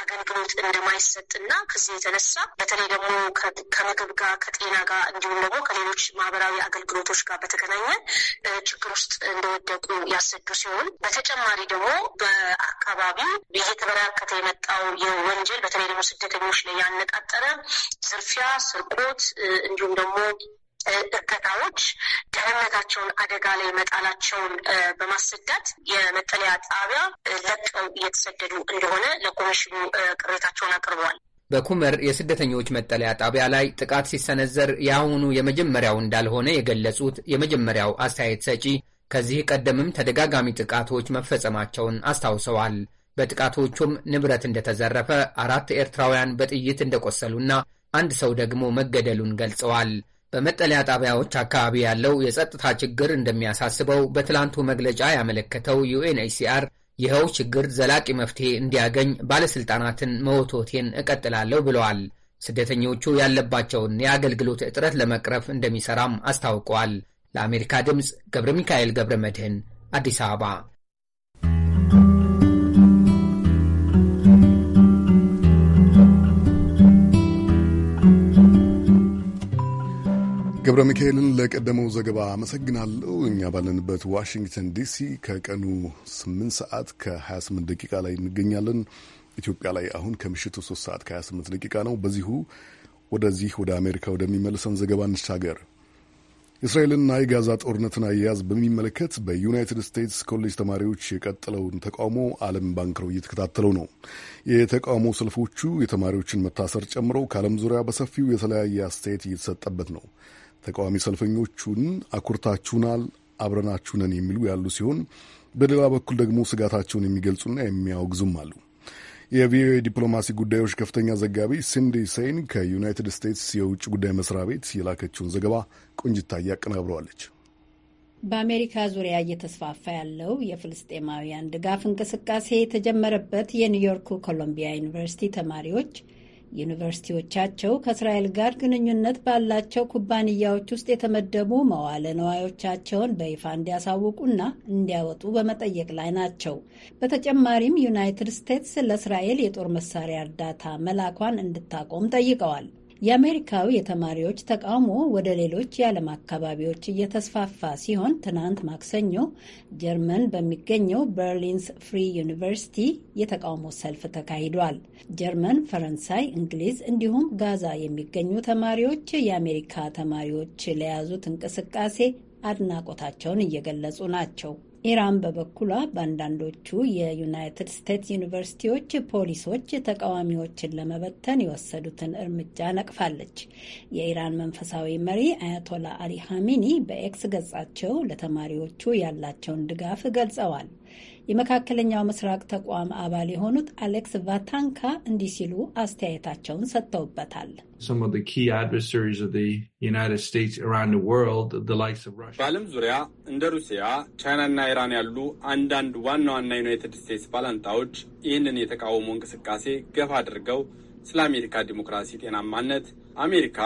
አገልግሎት እንደማይሰጥና ከዚህ የተነሳ በተለይ ደግሞ ከምግብ ጋር ከጤና ጋር እንዲሁም ደግሞ ከሌሎች ማህበራዊ አገልግሎቶች ጋር በተገናኘ ችግር ውስጥ እንደወደቁ ያሰዱ ሲሆን በተጨማሪ ደግሞ በአካባቢው እየተበራከተ የመጣው የወንጀል በተለይ ደግሞ ስደተኞች ላይ ያነጣጠረ ዝርፊያ፣ ስርቆት እንዲሁም ደግሞ እገታዎች ደህንነታቸውን አደጋ ላይ መጣላቸውን በማስረዳት የመጠለያ ጣቢያ ለቀው እየተሰደዱ እንደሆነ ለኮሚሽኑ ቅሬታቸውን አቅርበዋል። በኩመር የስደተኞች መጠለያ ጣቢያ ላይ ጥቃት ሲሰነዘር የአሁኑ የመጀመሪያው እንዳልሆነ የገለጹት የመጀመሪያው አስተያየት ሰጪ ከዚህ ቀደምም ተደጋጋሚ ጥቃቶች መፈጸማቸውን አስታውሰዋል። በጥቃቶቹም ንብረት እንደተዘረፈ፣ አራት ኤርትራውያን በጥይት እንደቆሰሉና አንድ ሰው ደግሞ መገደሉን ገልጸዋል። በመጠለያ ጣቢያዎች አካባቢ ያለው የጸጥታ ችግር እንደሚያሳስበው በትላንቱ መግለጫ ያመለከተው ዩኤንኤችሲአር ይኸው ችግር ዘላቂ መፍትሄ እንዲያገኝ ባለሥልጣናትን መወትወቴን እቀጥላለሁ ብለዋል። ስደተኞቹ ያለባቸውን የአገልግሎት እጥረት ለመቅረፍ እንደሚሠራም አስታውቀዋል። ለአሜሪካ ድምፅ ገብረ ሚካኤል ገብረ መድህን አዲስ አበባ ገብረ ሚካኤልን ለቀደመው ዘገባ አመሰግናለሁ። እኛ ባለንበት ዋሽንግተን ዲሲ ከቀኑ 8 ሰዓት ከ28 ደቂቃ ላይ እንገኛለን። ኢትዮጵያ ላይ አሁን ከምሽቱ 3 ሰዓት ከ28 ደቂቃ ነው። በዚሁ ወደዚህ ወደ አሜሪካ ወደሚመልሰን ዘገባ እንሻገር። የእስራኤልና የጋዛ ጦርነትን አያያዝ በሚመለከት በዩናይትድ ስቴትስ ኮሌጅ ተማሪዎች የቀጠለውን ተቃውሞ ዓለም ባንክረው እየተከታተለው ነው። የተቃውሞ ሰልፎቹ የተማሪዎችን መታሰር ጨምሮ ከዓለም ዙሪያ በሰፊው የተለያየ አስተያየት እየተሰጠበት ነው። ተቃዋሚ ሰልፈኞቹን አኩርታችሁናል፣ አብረናችሁነን የሚሉ ያሉ ሲሆን በሌላ በኩል ደግሞ ስጋታቸውን የሚገልጹና የሚያወግዙም አሉ። የቪኦኤ ዲፕሎማሲ ጉዳዮች ከፍተኛ ዘጋቢ ሲንዲ ሴይን ከዩናይትድ ስቴትስ የውጭ ጉዳይ መስሪያ ቤት የላከችውን ዘገባ ቆንጅታ እያቀናብረዋለች። በአሜሪካ ዙሪያ እየተስፋፋ ያለው የፍልስጤማውያን ድጋፍ እንቅስቃሴ የተጀመረበት የኒውዮርኩ ኮሎምቢያ ዩኒቨርሲቲ ተማሪዎች ዩኒቨርሲቲዎቻቸው ከእስራኤል ጋር ግንኙነት ባላቸው ኩባንያዎች ውስጥ የተመደቡ መዋለ ነዋዮቻቸውን በይፋ እንዲያሳውቁና እንዲያወጡ በመጠየቅ ላይ ናቸው። በተጨማሪም ዩናይትድ ስቴትስ ለእስራኤል የጦር መሳሪያ እርዳታ መላኳን እንድታቆም ጠይቀዋል። የአሜሪካዊ የተማሪዎች ተቃውሞ ወደ ሌሎች የዓለም አካባቢዎች እየተስፋፋ ሲሆን ትናንት ማክሰኞ ጀርመን በሚገኘው በርሊንስ ፍሪ ዩኒቨርሲቲ የተቃውሞ ሰልፍ ተካሂዷል። ጀርመን፣ ፈረንሳይ፣ እንግሊዝ እንዲሁም ጋዛ የሚገኙ ተማሪዎች የአሜሪካ ተማሪዎች ለያዙት እንቅስቃሴ አድናቆታቸውን እየገለጹ ናቸው። ኢራን በበኩሏ በአንዳንዶቹ የዩናይትድ ስቴትስ ዩኒቨርሲቲዎች ፖሊሶች ተቃዋሚዎችን ለመበተን የወሰዱትን እርምጃ ነቅፋለች። የኢራን መንፈሳዊ መሪ አያቶላ አሊ ሐሚኒ በኤክስ ገጻቸው ለተማሪዎቹ ያላቸውን ድጋፍ ገልጸዋል። የመካከለኛው ምስራቅ ተቋም አባል የሆኑት አሌክስ ቫታንካ እንዲህ ሲሉ አስተያየታቸውን ሰጥተውበታል። በዓለም ዙሪያ እንደ ሩሲያ፣ ቻይናና ኢራን ያሉ አንዳንድ ዋና ዋና ዩናይትድ ስቴትስ ባላንጣዎች ይህንን የተቃውሞ እንቅስቃሴ ገፋ አድርገው ስለ አሜሪካ ዲሞክራሲ ጤናማነት አሜሪካ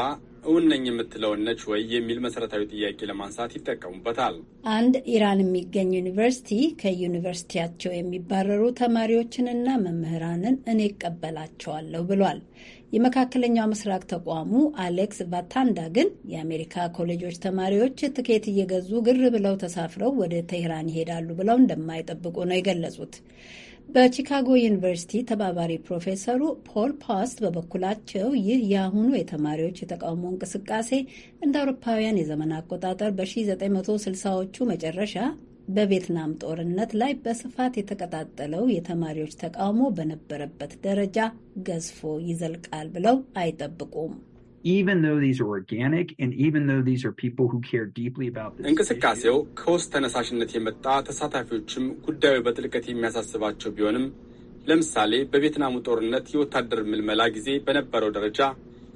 እውን ነኝ የምትለውን ነች ወይ የሚል መሰረታዊ ጥያቄ ለማንሳት ይጠቀሙበታል። አንድ ኢራን የሚገኝ ዩኒቨርሲቲ ከዩኒቨርሲቲያቸው የሚባረሩ ተማሪዎችንና መምህራንን እኔ እቀበላቸዋለሁ ብሏል። የመካከለኛው ምስራቅ ተቋሙ አሌክስ ቫታንዳ ግን የአሜሪካ ኮሌጆች ተማሪዎች ትኬት እየገዙ ግር ብለው ተሳፍረው ወደ ቴህራን ይሄዳሉ ብለው እንደማይጠብቁ ነው የገለጹት። በቺካጎ ዩኒቨርሲቲ ተባባሪ ፕሮፌሰሩ ፖል ፓስት በበኩላቸው ይህ የአሁኑ የተማሪዎች የተቃውሞ እንቅስቃሴ እንደ አውሮፓውያን የዘመን አቆጣጠር በ1960ዎቹ መጨረሻ በቪየትናም ጦርነት ላይ በስፋት የተቀጣጠለው የተማሪዎች ተቃውሞ በነበረበት ደረጃ ገዝፎ ይዘልቃል ብለው አይጠብቁም። even though these are organic and even though these are people who care deeply about this እንቅስቃሴው ከውስጥ ተነሳሽነት የመጣ ተሳታፊዎችም ጉዳዩ በጥልቀት የሚያሳስባቸው ቢሆንም ለምሳሌ በቪየትናሙ ጦርነት የወታደር ምልመላ ጊዜ በነበረው ደረጃ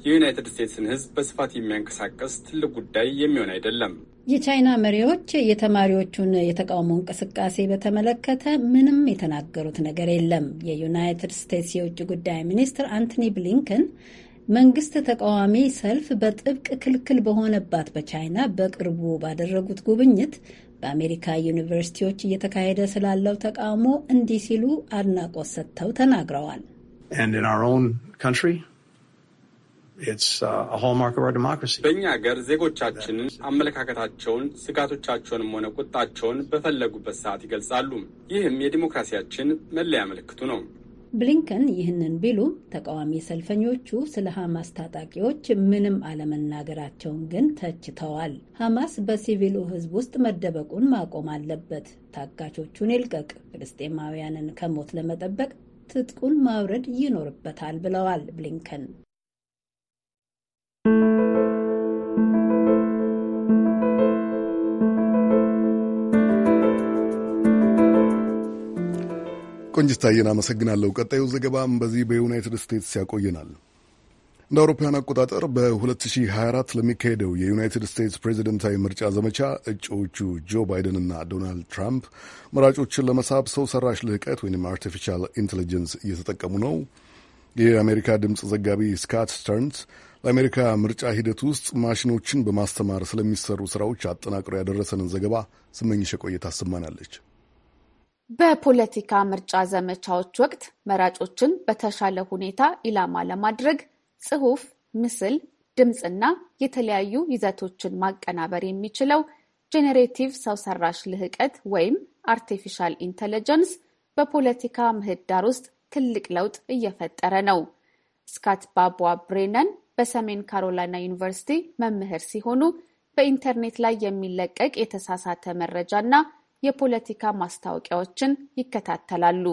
የዩናይትድ ስቴትስን ሕዝብ በስፋት የሚያንቀሳቀስ ትልቅ ጉዳይ የሚሆን አይደለም። የቻይና መሪዎች የተማሪዎቹን የተቃውሞ እንቅስቃሴ በተመለከተ ምንም የተናገሩት ነገር የለም። የዩናይትድ ስቴትስ የውጭ ጉዳይ ሚኒስትር አንቶኒ ብሊንከን መንግስት ተቃዋሚ ሰልፍ በጥብቅ ክልክል በሆነባት በቻይና በቅርቡ ባደረጉት ጉብኝት በአሜሪካ ዩኒቨርሲቲዎች እየተካሄደ ስላለው ተቃውሞ እንዲህ ሲሉ አድናቆት ሰጥተው ተናግረዋል። uh, በእኛ ሀገር ዜጎቻችንን አመለካከታቸውን፣ ስጋቶቻቸውንም ሆነ ቁጣቸውን በፈለጉበት ሰዓት ይገልጻሉ። ይህም የዲሞክራሲያችን መለያ ምልክቱ ነው። ብሊንከን ይህንን ቢሉም ተቃዋሚ ሰልፈኞቹ ስለ ሐማስ ታጣቂዎች ምንም አለመናገራቸውን ግን ተችተዋል። ሐማስ በሲቪሉ ሕዝብ ውስጥ መደበቁን ማቆም አለበት፣ ታጋቾቹን ይልቀቅ፣ ፍልስጤማውያንን ከሞት ለመጠበቅ ትጥቁን ማውረድ ይኖርበታል ብለዋል ብሊንከን። ቆንጅታዬን አመሰግናለሁ። ቀጣዩ ዘገባም በዚህ በዩናይትድ ስቴትስ ያቆየናል። እንደ አውሮፓውያን አቆጣጠር በ2024 ለሚካሄደው የዩናይትድ ስቴትስ ፕሬዚደንታዊ ምርጫ ዘመቻ እጩዎቹ ጆ ባይደንና ዶናልድ ትራምፕ መራጮችን ለመሳብ ሰው ሰራሽ ልህቀት ወይም አርቲፊሻል ኢንቴሊጀንስ እየተጠቀሙ ነው። የአሜሪካ ድምፅ ዘጋቢ ስካት ስተርንስ ለአሜሪካ ምርጫ ሂደት ውስጥ ማሽኖችን በማስተማር ስለሚሰሩ ስራዎች አጠናቅሮ ያደረሰንን ዘገባ ስመኝሸ ቆየት አሰማናለች። በፖለቲካ ምርጫ ዘመቻዎች ወቅት መራጮችን በተሻለ ሁኔታ ኢላማ ለማድረግ ጽሑፍ፣ ምስል፣ ድምፅና የተለያዩ ይዘቶችን ማቀናበር የሚችለው ጄኔሬቲቭ ሰው ሰራሽ ልህቀት ወይም አርቲፊሻል ኢንተለጀንስ በፖለቲካ ምህዳር ውስጥ ትልቅ ለውጥ እየፈጠረ ነው። ስካት ባቧ ብሬነን በሰሜን ካሮላይና ዩኒቨርሲቲ መምህር ሲሆኑ በኢንተርኔት ላይ የሚለቀቅ የተሳሳተ መረጃና የፖለቲካ ማስታወቂያዎችን ይከታተላሉ።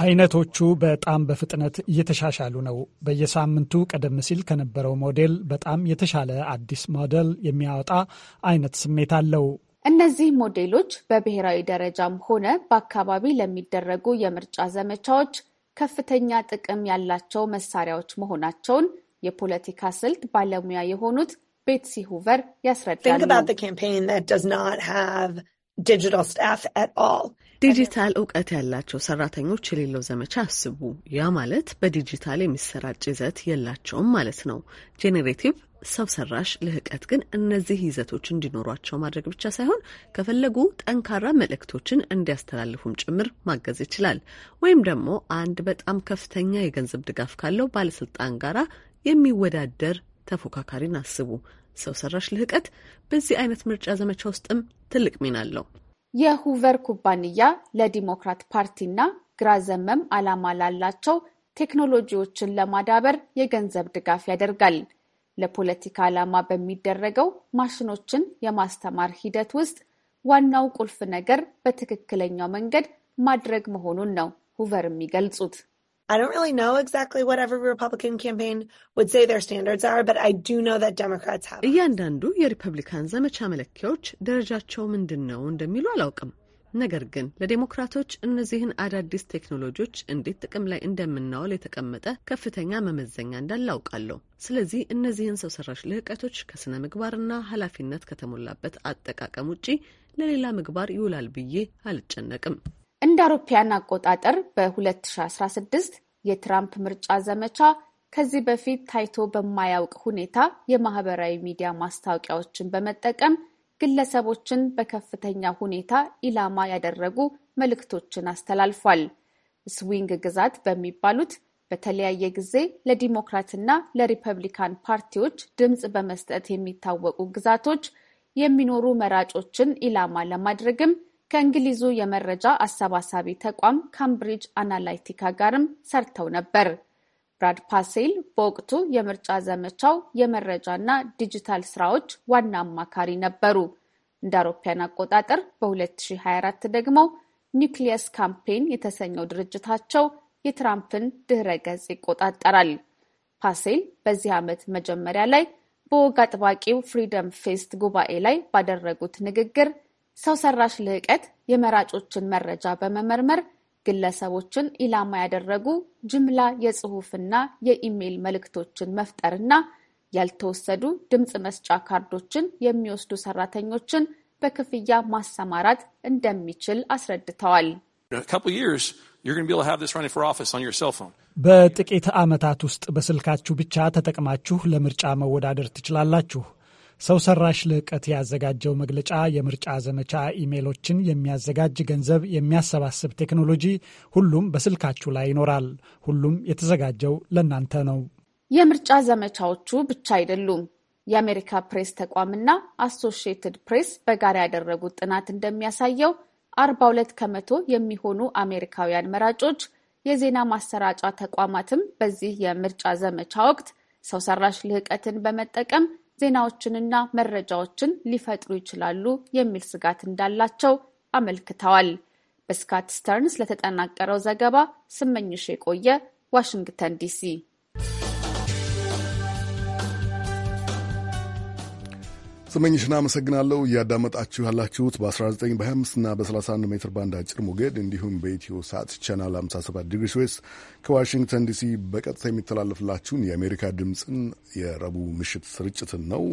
አይነቶቹ በጣም በፍጥነት እየተሻሻሉ ነው። በየሳምንቱ ቀደም ሲል ከነበረው ሞዴል በጣም የተሻለ አዲስ ሞዴል የሚያወጣ አይነት ስሜት አለው። እነዚህ ሞዴሎች በብሔራዊ ደረጃም ሆነ በአካባቢ ለሚደረጉ የምርጫ ዘመቻዎች ከፍተኛ ጥቅም ያላቸው መሳሪያዎች መሆናቸውን የፖለቲካ ስልት ባለሙያ የሆኑት ቤትሲ ሁቨር ያስረዳሉ። ዲጂታል እውቀት ያላቸው ሰራተኞች የሌለው ዘመቻ አስቡ። ያ ማለት በዲጂታል የሚሰራጭ ይዘት የላቸውም ማለት ነው። ጄኔሬቲቭ ሰው ሰራሽ ልህቀት ግን እነዚህ ይዘቶች እንዲኖሯቸው ማድረግ ብቻ ሳይሆን ከፈለጉ ጠንካራ መልእክቶችን እንዲያስተላልፉም ጭምር ማገዝ ይችላል። ወይም ደግሞ አንድ በጣም ከፍተኛ የገንዘብ ድጋፍ ካለው ባለስልጣን ጋራ የሚወዳደር ተፎካካሪን አስቡ። ሰው ሰራሽ ልህቀት በዚህ አይነት ምርጫ ዘመቻ ውስጥም ትልቅ ሚና አለው። የሁቨር ኩባንያ ለዲሞክራት ፓርቲና ግራ ዘመም ዓላማ ላላቸው ቴክኖሎጂዎችን ለማዳበር የገንዘብ ድጋፍ ያደርጋል። ለፖለቲካ ዓላማ በሚደረገው ማሽኖችን የማስተማር ሂደት ውስጥ ዋናው ቁልፍ ነገር በትክክለኛው መንገድ ማድረግ መሆኑን ነው ሁቨር የሚገልጹት። I don't really know exactly what every Republican campaign would say their standards are, but I do know that Democrats have. እያንዳንዱ የሪፐብሊካን ዘመቻ መለኪያዎች ደረጃቸው ምንድን ነው እንደሚሉ አላውቅም። ነገር ግን ለዴሞክራቶች እነዚህን አዳዲስ ቴክኖሎጂዎች እንዴት ጥቅም ላይ እንደምናውል የተቀመጠ ከፍተኛ መመዘኛ እንዳለ አውቃለሁ። ስለዚህ እነዚህን ሰው ሰራሽ ልህቀቶች ከስነ ምግባርና ኃላፊነት ከተሞላበት አጠቃቀም ውጪ ለሌላ ምግባር ይውላል ብዬ አልጨነቅም። እንደ አውሮፓያን አቆጣጠር በ2016 የትራምፕ ምርጫ ዘመቻ ከዚህ በፊት ታይቶ በማያውቅ ሁኔታ የማህበራዊ ሚዲያ ማስታወቂያዎችን በመጠቀም ግለሰቦችን በከፍተኛ ሁኔታ ኢላማ ያደረጉ መልእክቶችን አስተላልፏል። ስዊንግ ግዛት በሚባሉት በተለያየ ጊዜ ለዲሞክራትና ለሪፐብሊካን ፓርቲዎች ድምፅ በመስጠት የሚታወቁ ግዛቶች የሚኖሩ መራጮችን ኢላማ ለማድረግም ከእንግሊዙ የመረጃ አሰባሳቢ ተቋም ካምብሪጅ አናላይቲካ ጋርም ሰርተው ነበር። ብራድ ፓሴል በወቅቱ የምርጫ ዘመቻው የመረጃና ዲጂታል ስራዎች ዋና አማካሪ ነበሩ። እንደ አውሮፓያን አቆጣጠር በ2024 ደግሞ ኒውክሊየስ ካምፔን የተሰኘው ድርጅታቸው የትራምፕን ድህረ ገጽ ይቆጣጠራል። ፓሴል በዚህ ዓመት መጀመሪያ ላይ በወግ አጥባቂው ፍሪደም ፌስት ጉባኤ ላይ ባደረጉት ንግግር ሰው ሰራሽ ልህቀት የመራጮችን መረጃ በመመርመር ግለሰቦችን ኢላማ ያደረጉ ጅምላ የጽሑፍና የኢሜይል መልእክቶችን መፍጠርና ያልተወሰዱ ድምፅ መስጫ ካርዶችን የሚወስዱ ሰራተኞችን በክፍያ ማሰማራት እንደሚችል አስረድተዋል። በጥቂት ዓመታት ውስጥ በስልካችሁ ብቻ ተጠቅማችሁ ለምርጫ መወዳደር ትችላላችሁ። ሰው ሰራሽ ልዕቀት ያዘጋጀው መግለጫ የምርጫ ዘመቻ ኢሜሎችን የሚያዘጋጅ ገንዘብ የሚያሰባስብ ቴክኖሎጂ ሁሉም በስልካችሁ ላይ ይኖራል። ሁሉም የተዘጋጀው ለእናንተ ነው። የምርጫ ዘመቻዎቹ ብቻ አይደሉም። የአሜሪካ ፕሬስ ተቋምና አሶሺየትድ ፕሬስ በጋራ ያደረጉት ጥናት እንደሚያሳየው 42 ከመቶ የሚሆኑ አሜሪካውያን መራጮች የዜና ማሰራጫ ተቋማትም በዚህ የምርጫ ዘመቻ ወቅት ሰው ሰራሽ ልህቀትን በመጠቀም ዜናዎችንና መረጃዎችን ሊፈጥሩ ይችላሉ የሚል ስጋት እንዳላቸው አመልክተዋል። በስካት ስተርንስ ለተጠናቀረው ዘገባ ስመኝሽ የቆየ ዋሽንግተን ዲሲ ስመኝሽን አመሰግናለሁ። እያዳመጣችሁ ያላችሁት በ19 በ25ና በ31 ሜትር ባንድ አጭር ሞገድ እንዲሁም በኢትዮ ሳት ቻናል 57 ዲግሪ ስዌስ ከዋሽንግተን ዲሲ በቀጥታ የሚተላለፍላችሁን የአሜሪካ ድምፅን የረቡዕ ምሽት ስርጭትን ነው።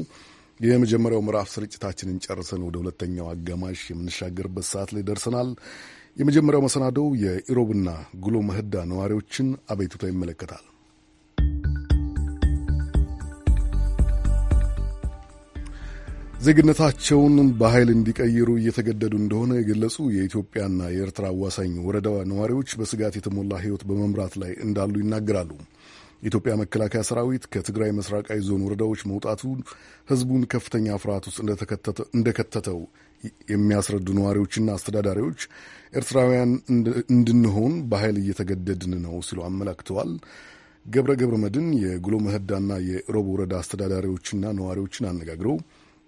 የመጀመሪያው ምዕራፍ ስርጭታችንን ጨርሰን ወደ ሁለተኛው አጋማሽ የምንሻገርበት ሰዓት ላይ ደርሰናል። የመጀመሪያው መሰናዶው የኢሮብና ጉሎ መህዳ ነዋሪዎችን አቤቱታ ይመለከታል። ዜግነታቸውን በኃይል እንዲቀይሩ እየተገደዱ እንደሆነ የገለጹ የኢትዮጵያና የኤርትራ አዋሳኝ ወረዳ ነዋሪዎች በስጋት የተሞላ ሕይወት በመምራት ላይ እንዳሉ ይናገራሉ። የኢትዮጵያ መከላከያ ሰራዊት ከትግራይ መስራቃዊ ዞን ወረዳዎች መውጣቱ ሕዝቡን ከፍተኛ ፍርሃት ውስጥ እንደከተተው የሚያስረዱ ነዋሪዎችና አስተዳዳሪዎች ኤርትራውያን እንድንሆን በኃይል እየተገደድን ነው ሲሉ አመላክተዋል። ገብረ ገብረ መድን የጉሎ መህዳና የሮብ ወረዳ አስተዳዳሪዎችና ነዋሪዎችን አነጋግረው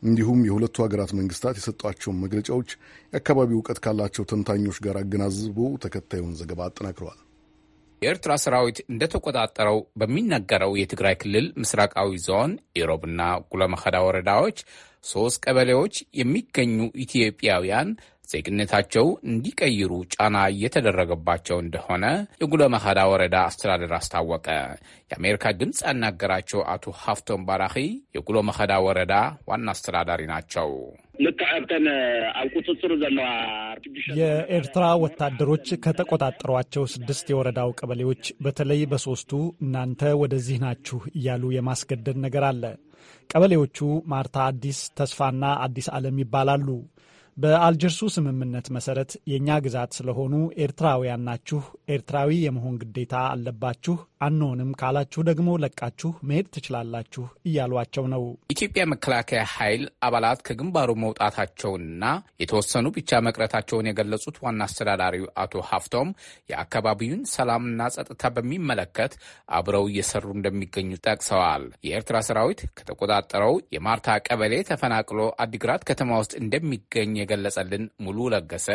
እንዲሁም የሁለቱ ሀገራት መንግስታት የሰጧቸውን መግለጫዎች የአካባቢው እውቀት ካላቸው ተንታኞች ጋር አገናዝቦ ተከታዩን ዘገባ አጠናክረዋል። የኤርትራ ሰራዊት እንደተቆጣጠረው በሚነገረው የትግራይ ክልል ምስራቃዊ ዞን ኢሮብና ጉለመኸዳ ወረዳዎች ሶስት ቀበሌዎች የሚገኙ ኢትዮጵያውያን ዜግነታቸው እንዲቀይሩ ጫና እየተደረገባቸው እንደሆነ የጉለመኸዳ ወረዳ አስተዳደር አስታወቀ። የአሜሪካ ድምፅ ያናገራቸው አቶ ሀፍቶም ባራኺ የጉለመኸዳ ወረዳ ዋና አስተዳዳሪ ናቸው። የኤርትራ ወታደሮች ከተቆጣጠሯቸው ስድስት የወረዳው ቀበሌዎች በተለይ በሶስቱ እናንተ ወደዚህ ናችሁ እያሉ የማስገደድ ነገር አለ። ቀበሌዎቹ ማርታ አዲስ፣ ተስፋና አዲስ ዓለም ይባላሉ። በአልጀርሱ ስምምነት መሰረት የእኛ ግዛት ስለሆኑ ኤርትራውያን ናችሁ፣ ኤርትራዊ የመሆን ግዴታ አለባችሁ፣ አንሆንም ካላችሁ ደግሞ ለቃችሁ መሄድ ትችላላችሁ እያሏቸው ነው። ኢትዮጵያ መከላከያ ኃይል አባላት ከግንባሩ መውጣታቸውንና የተወሰኑ ብቻ መቅረታቸውን የገለጹት ዋና አስተዳዳሪው አቶ ሀፍቶም የአካባቢውን ሰላምና ጸጥታ በሚመለከት አብረው እየሰሩ እንደሚገኙ ጠቅሰዋል። የኤርትራ ሰራዊት ከተቆጣጠረው የማርታ ቀበሌ ተፈናቅሎ አዲግራት ከተማ ውስጥ እንደሚገኝ የገለጸልን ሙሉ ለገሰ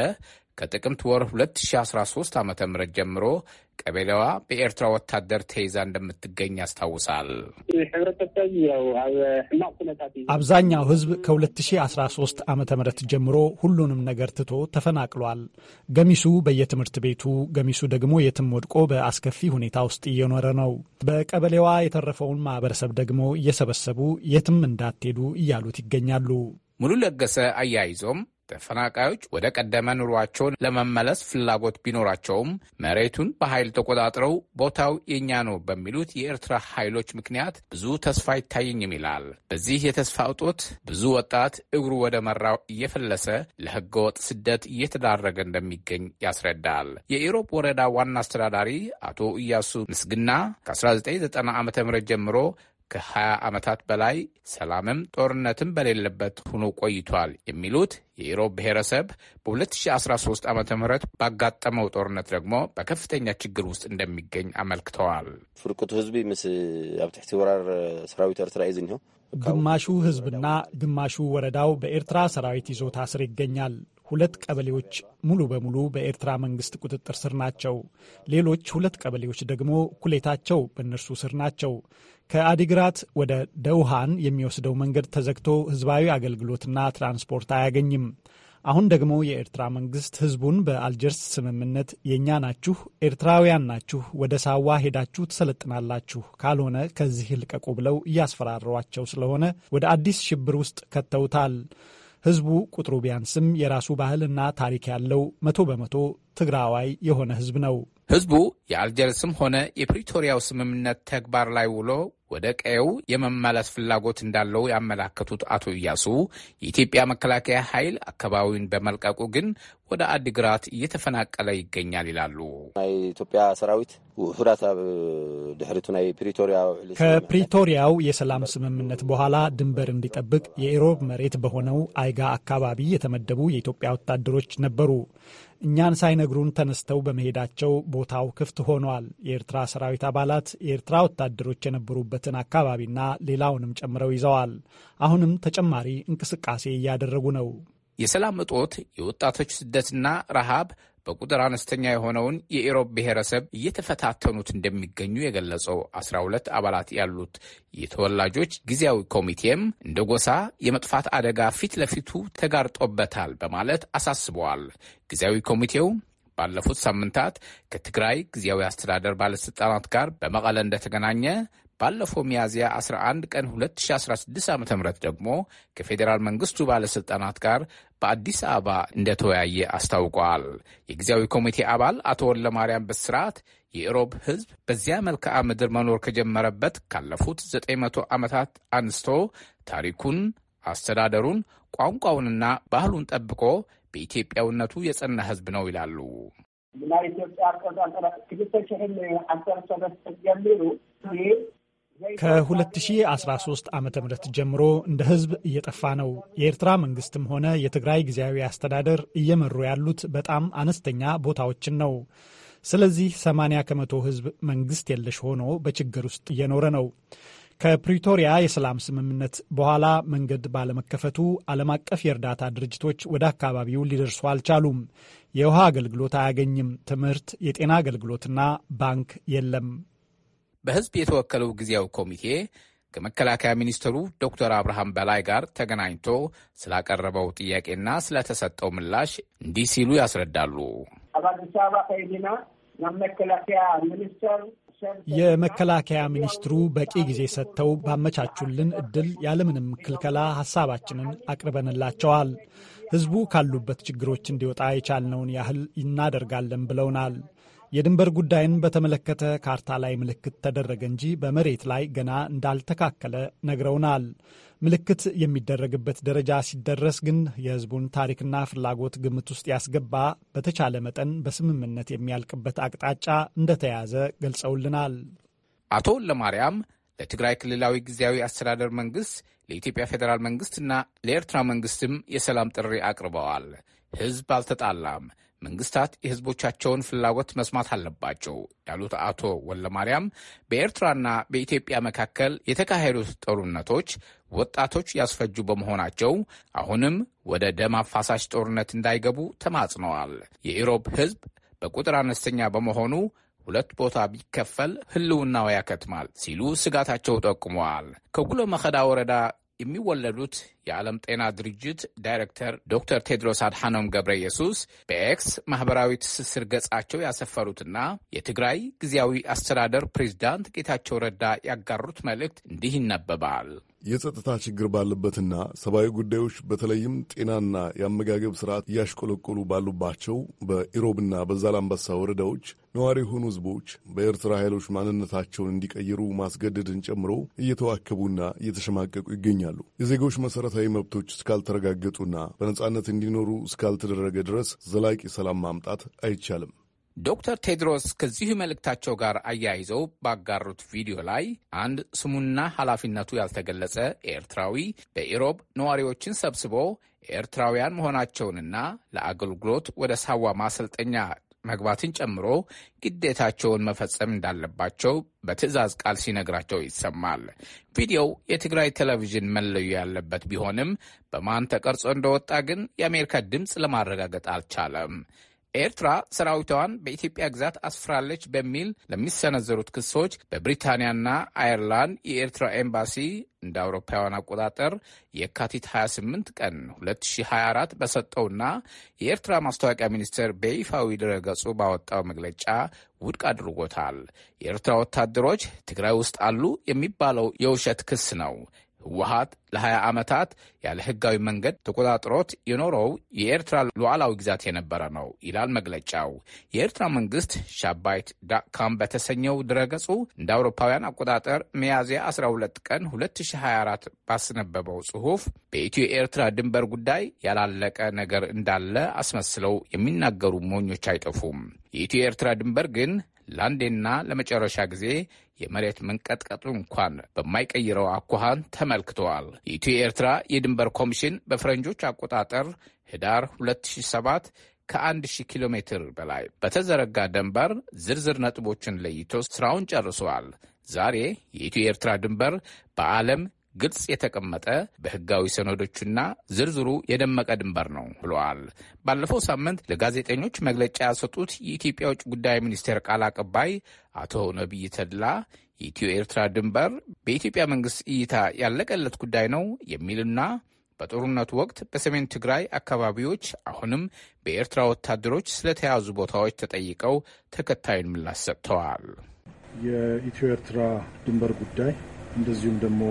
ከጥቅምት ወር 2013 ዓ ም ጀምሮ ቀበሌዋ በኤርትራ ወታደር ተይዛ እንደምትገኝ ያስታውሳል። አብዛኛው ሕዝብ ከ2013 ዓ ም ጀምሮ ሁሉንም ነገር ትቶ ተፈናቅሏል። ገሚሱ በየትምህርት ቤቱ፣ ገሚሱ ደግሞ የትም ወድቆ በአስከፊ ሁኔታ ውስጥ እየኖረ ነው። በቀበሌዋ የተረፈውን ማህበረሰብ ደግሞ እየሰበሰቡ የትም እንዳትሄዱ እያሉት ይገኛሉ። ሙሉ ለገሰ አያይዞም ተፈናቃዮች ወደ ቀደመ ኑሯቸውን ለመመለስ ፍላጎት ቢኖራቸውም መሬቱን በኃይል ተቆጣጥረው ቦታው የእኛ ነው በሚሉት የኤርትራ ኃይሎች ምክንያት ብዙ ተስፋ አይታየኝም ይላል። በዚህ የተስፋ እጦት ብዙ ወጣት እግሩ ወደ መራው እየፈለሰ ለህገወጥ ስደት እየተዳረገ እንደሚገኝ ያስረዳል። የኢሮብ ወረዳ ዋና አስተዳዳሪ አቶ ኢያሱ ምስግና ከ1990 ዓ ም ጀምሮ ከ20 ዓመታት በላይ ሰላምም ጦርነትም በሌለበት ሆኖ ቆይቷል የሚሉት የኢሮብ ብሔረሰብ በ2013 ዓ ም ባጋጠመው ጦርነት ደግሞ በከፍተኛ ችግር ውስጥ እንደሚገኝ አመልክተዋል። ፍርቁት ህዝቢ ምስ ኣብ ትሕቲ ወራር ሰራዊት ኤርትራ እዩ ዝኒሆ ግማሹ ህዝብና ግማሹ ወረዳው በኤርትራ ሰራዊት ይዞታ ስር ይገኛል። ሁለት ቀበሌዎች ሙሉ በሙሉ በኤርትራ መንግስት ቁጥጥር ስር ናቸው። ሌሎች ሁለት ቀበሌዎች ደግሞ እኩሌታቸው በእነርሱ ስር ናቸው። ከአዲግራት ወደ ደውሃን የሚወስደው መንገድ ተዘግቶ ህዝባዊ አገልግሎትና ትራንስፖርት አያገኝም። አሁን ደግሞ የኤርትራ መንግስት ህዝቡን በአልጀርስ ስምምነት የእኛ ናችሁ፣ ኤርትራውያን ናችሁ፣ ወደ ሳዋ ሄዳችሁ ትሰለጥናላችሁ፣ ካልሆነ ከዚህ ልቀቁ ብለው እያስፈራሯቸው ስለሆነ ወደ አዲስ ሽብር ውስጥ ከተውታል። ህዝቡ ቁጥሩ ቢያንስም የራሱ ባህልና ታሪክ ያለው መቶ በመቶ ትግራዋይ የሆነ ህዝብ ነው። ህዝቡ የአልጀርስም ሆነ የፕሪቶሪያው ስምምነት ተግባር ላይ ውሎ ወደ ቀየው የመመለስ ፍላጎት እንዳለው ያመላከቱት አቶ እያሱ የኢትዮጵያ መከላከያ ኃይል አካባቢውን በመልቀቁ ግን ወደ አዲግራት እየተፈናቀለ ይገኛል ይላሉ። ኢትዮጵያ ሰራዊት ውሑዳት ድሕሪቱ ናይ ፕሪቶሪያ ከፕሪቶሪያው የሰላም ስምምነት በኋላ ድንበር እንዲጠብቅ የኢሮብ መሬት በሆነው አይጋ አካባቢ የተመደቡ የኢትዮጵያ ወታደሮች ነበሩ። እኛን ሳይነግሩን ተነስተው በመሄዳቸው ቦታው ክፍት ሆኗል። የኤርትራ ሰራዊት አባላት የኤርትራ ወታደሮች የነበሩበትን አካባቢና ሌላውንም ጨምረው ይዘዋል። አሁንም ተጨማሪ እንቅስቃሴ እያደረጉ ነው። የሰላም እጦት፣ የወጣቶች ስደትና ረሃብ በቁጥር አነስተኛ የሆነውን የኢሮብ ብሔረሰብ እየተፈታተኑት እንደሚገኙ የገለጸው 12 አባላት ያሉት የተወላጆች ጊዜያዊ ኮሚቴም እንደ ጎሳ የመጥፋት አደጋ ፊት ለፊቱ ተጋርጦበታል በማለት አሳስበዋል። ጊዜያዊ ኮሚቴው ባለፉት ሳምንታት ከትግራይ ጊዜያዊ አስተዳደር ባለሥልጣናት ጋር በመቀለ እንደተገናኘ ባለፈው ሚያዝያ 11 ቀን 2016 ዓ ም ደግሞ ከፌዴራል መንግስቱ ባለሥልጣናት ጋር በአዲስ አበባ እንደተወያየ አስታውቋል። የጊዜያዊ ኮሚቴ አባል አቶ ወለማርያም በስርዓት የኢሮብ ሕዝብ በዚያ መልክዓ ምድር መኖር ከጀመረበት ካለፉት 900 ዓመታት አንስቶ ታሪኩን፣ አስተዳደሩን፣ ቋንቋውንና ባህሉን ጠብቆ በኢትዮጵያዊነቱ የጸና ህዝብ ነው ይላሉ። ናይ ኢትዮጵያ አቆጣጠራ ክልተ ሽሕን ከ2013 ዓ ም ጀምሮ እንደ ህዝብ እየጠፋ ነው። የኤርትራ መንግስትም ሆነ የትግራይ ጊዜያዊ አስተዳደር እየመሩ ያሉት በጣም አነስተኛ ቦታዎችን ነው። ስለዚህ 80 ከመቶ ህዝብ መንግስት የለሽ ሆኖ በችግር ውስጥ እየኖረ ነው። ከፕሪቶሪያ የሰላም ስምምነት በኋላ መንገድ ባለመከፈቱ ዓለም አቀፍ የእርዳታ ድርጅቶች ወደ አካባቢው ሊደርሱ አልቻሉም። የውሃ አገልግሎት አያገኝም። ትምህርት፣ የጤና አገልግሎትና ባንክ የለም። በህዝብ የተወከለው ጊዜያዊ ኮሚቴ ከመከላከያ ሚኒስትሩ ዶክተር አብርሃም በላይ ጋር ተገናኝቶ ስላቀረበው ጥያቄና ስለተሰጠው ምላሽ እንዲህ ሲሉ ያስረዳሉ። የመከላከያ ሚኒስትሩ በቂ ጊዜ ሰጥተው ባመቻቹልን እድል ያለምንም ክልከላ ሀሳባችንን አቅርበንላቸዋል። ህዝቡ ካሉበት ችግሮች እንዲወጣ የቻልነውን ያህል እናደርጋለን ብለውናል። የድንበር ጉዳይን በተመለከተ ካርታ ላይ ምልክት ተደረገ እንጂ በመሬት ላይ ገና እንዳልተካከለ ነግረውናል። ምልክት የሚደረግበት ደረጃ ሲደረስ ግን የሕዝቡን ታሪክና ፍላጎት ግምት ውስጥ ያስገባ በተቻለ መጠን በስምምነት የሚያልቅበት አቅጣጫ እንደተያዘ ገልጸውልናል። አቶ ለማርያም ለትግራይ ክልላዊ ጊዜያዊ አስተዳደር መንግስት፣ ለኢትዮጵያ ፌዴራል መንግስትና ለኤርትራ መንግስትም የሰላም ጥሪ አቅርበዋል። ሕዝብ አልተጣላም፣ መንግስታት የህዝቦቻቸውን ፍላጎት መስማት አለባቸው ያሉት አቶ ወለማርያም በኤርትራና በኢትዮጵያ መካከል የተካሄዱት ጦርነቶች ወጣቶች ያስፈጁ በመሆናቸው አሁንም ወደ ደም አፋሳሽ ጦርነት እንዳይገቡ ተማጽነዋል። የኢሮብ ህዝብ በቁጥር አነስተኛ በመሆኑ ሁለት ቦታ ቢከፈል ህልውናው ያከትማል ሲሉ ስጋታቸው ጠቁመዋል። ከጉሎ መኸዳ ወረዳ የሚወለዱት የዓለም ጤና ድርጅት ዳይሬክተር ዶክተር ቴድሮስ አድሓኖም ገብረ ኢየሱስ በኤክስ ማህበራዊ ትስስር ገጻቸው ያሰፈሩትና የትግራይ ጊዜያዊ አስተዳደር ፕሬዚዳንት ጌታቸው ረዳ ያጋሩት መልእክት እንዲህ ይነበባል። የጸጥታ ችግር ባለበትና ሰብአዊ ጉዳዮች በተለይም ጤናና የአመጋገብ ስርዓት እያሽቆለቆሉ ባሉባቸው በኢሮብና በዛላምበሳ ወረዳዎች ነዋሪ የሆኑ ህዝቦች በኤርትራ ኃይሎች ማንነታቸውን እንዲቀይሩ ማስገደድን ጨምሮ እየተዋከቡና እየተሸማቀቁ ይገኛሉ። የዜጎች መሠረታዊ መብቶች እስካልተረጋገጡና በነጻነት እንዲኖሩ እስካልተደረገ ድረስ ዘላቂ ሰላም ማምጣት አይቻልም። ዶክተር ቴድሮስ ከዚሁ መልእክታቸው ጋር አያይዘው ባጋሩት ቪዲዮ ላይ አንድ ስሙና ኃላፊነቱ ያልተገለጸ ኤርትራዊ በኢሮብ ነዋሪዎችን ሰብስቦ ኤርትራውያን መሆናቸውንና ለአገልግሎት ወደ ሳዋ ማሰልጠኛ መግባትን ጨምሮ ግዴታቸውን መፈጸም እንዳለባቸው በትዕዛዝ ቃል ሲነግራቸው ይሰማል። ቪዲዮው የትግራይ ቴሌቪዥን መለዩ ያለበት ቢሆንም በማን ተቀርጾ እንደወጣ ግን የአሜሪካ ድምፅ ለማረጋገጥ አልቻለም። ኤርትራ ሰራዊቷን በኢትዮጵያ ግዛት አስፍራለች በሚል ለሚሰነዘሩት ክሶች በብሪታንያና አየርላንድ የኤርትራ ኤምባሲ እንደ አውሮፓውያን አቆጣጠር የካቲት 28 ቀን 2024 በሰጠውና የኤርትራ ማስታወቂያ ሚኒስቴር በይፋዊ ድረገጹ ባወጣው መግለጫ ውድቅ አድርጎታል። የኤርትራ ወታደሮች ትግራይ ውስጥ አሉ የሚባለው የውሸት ክስ ነው። ህወሀት ለ20 ዓመታት ያለ ህጋዊ መንገድ ተቆጣጥሮት የኖረው የኤርትራ ሉዓላዊ ግዛት የነበረ ነው ይላል መግለጫው። የኤርትራ መንግስት ሻባይት ዳካም በተሰኘው ድረገጹ እንደ አውሮፓውያን አቆጣጠር ሚያዝያ 12 ቀን 2024 ባስነበበው ጽሑፍ በኢትዮ ኤርትራ ድንበር ጉዳይ ያላለቀ ነገር እንዳለ አስመስለው የሚናገሩ ሞኞች አይጠፉም። የኢትዮ ኤርትራ ድንበር ግን ለአንዴና ለመጨረሻ ጊዜ የመሬት መንቀጥቀጡ እንኳን በማይቀይረው አኳኋን ተመልክተዋል። የኢትዮ ኤርትራ የድንበር ኮሚሽን በፈረንጆች አቆጣጠር ህዳር 2007 ከ1000 ኪሎ ሜትር በላይ በተዘረጋ ድንበር ዝርዝር ነጥቦችን ለይቶ ስራውን ጨርሰዋል። ዛሬ የኢትዮ ኤርትራ ድንበር በዓለም ግልጽ የተቀመጠ በህጋዊ ሰነዶችና ዝርዝሩ የደመቀ ድንበር ነው ብለዋል። ባለፈው ሳምንት ለጋዜጠኞች መግለጫ ያሰጡት የኢትዮጵያ ውጭ ጉዳይ ሚኒስቴር ቃል አቀባይ አቶ ነቢይ ተድላ የኢትዮ ኤርትራ ድንበር በኢትዮጵያ መንግስት እይታ ያለቀለት ጉዳይ ነው የሚልና በጦርነቱ ወቅት በሰሜን ትግራይ አካባቢዎች አሁንም በኤርትራ ወታደሮች ስለተያዙ ቦታዎች ተጠይቀው ተከታዩን ምላሽ ሰጥተዋል። የኢትዮ ኤርትራ ድንበር ጉዳይ እንደዚሁም ደግሞ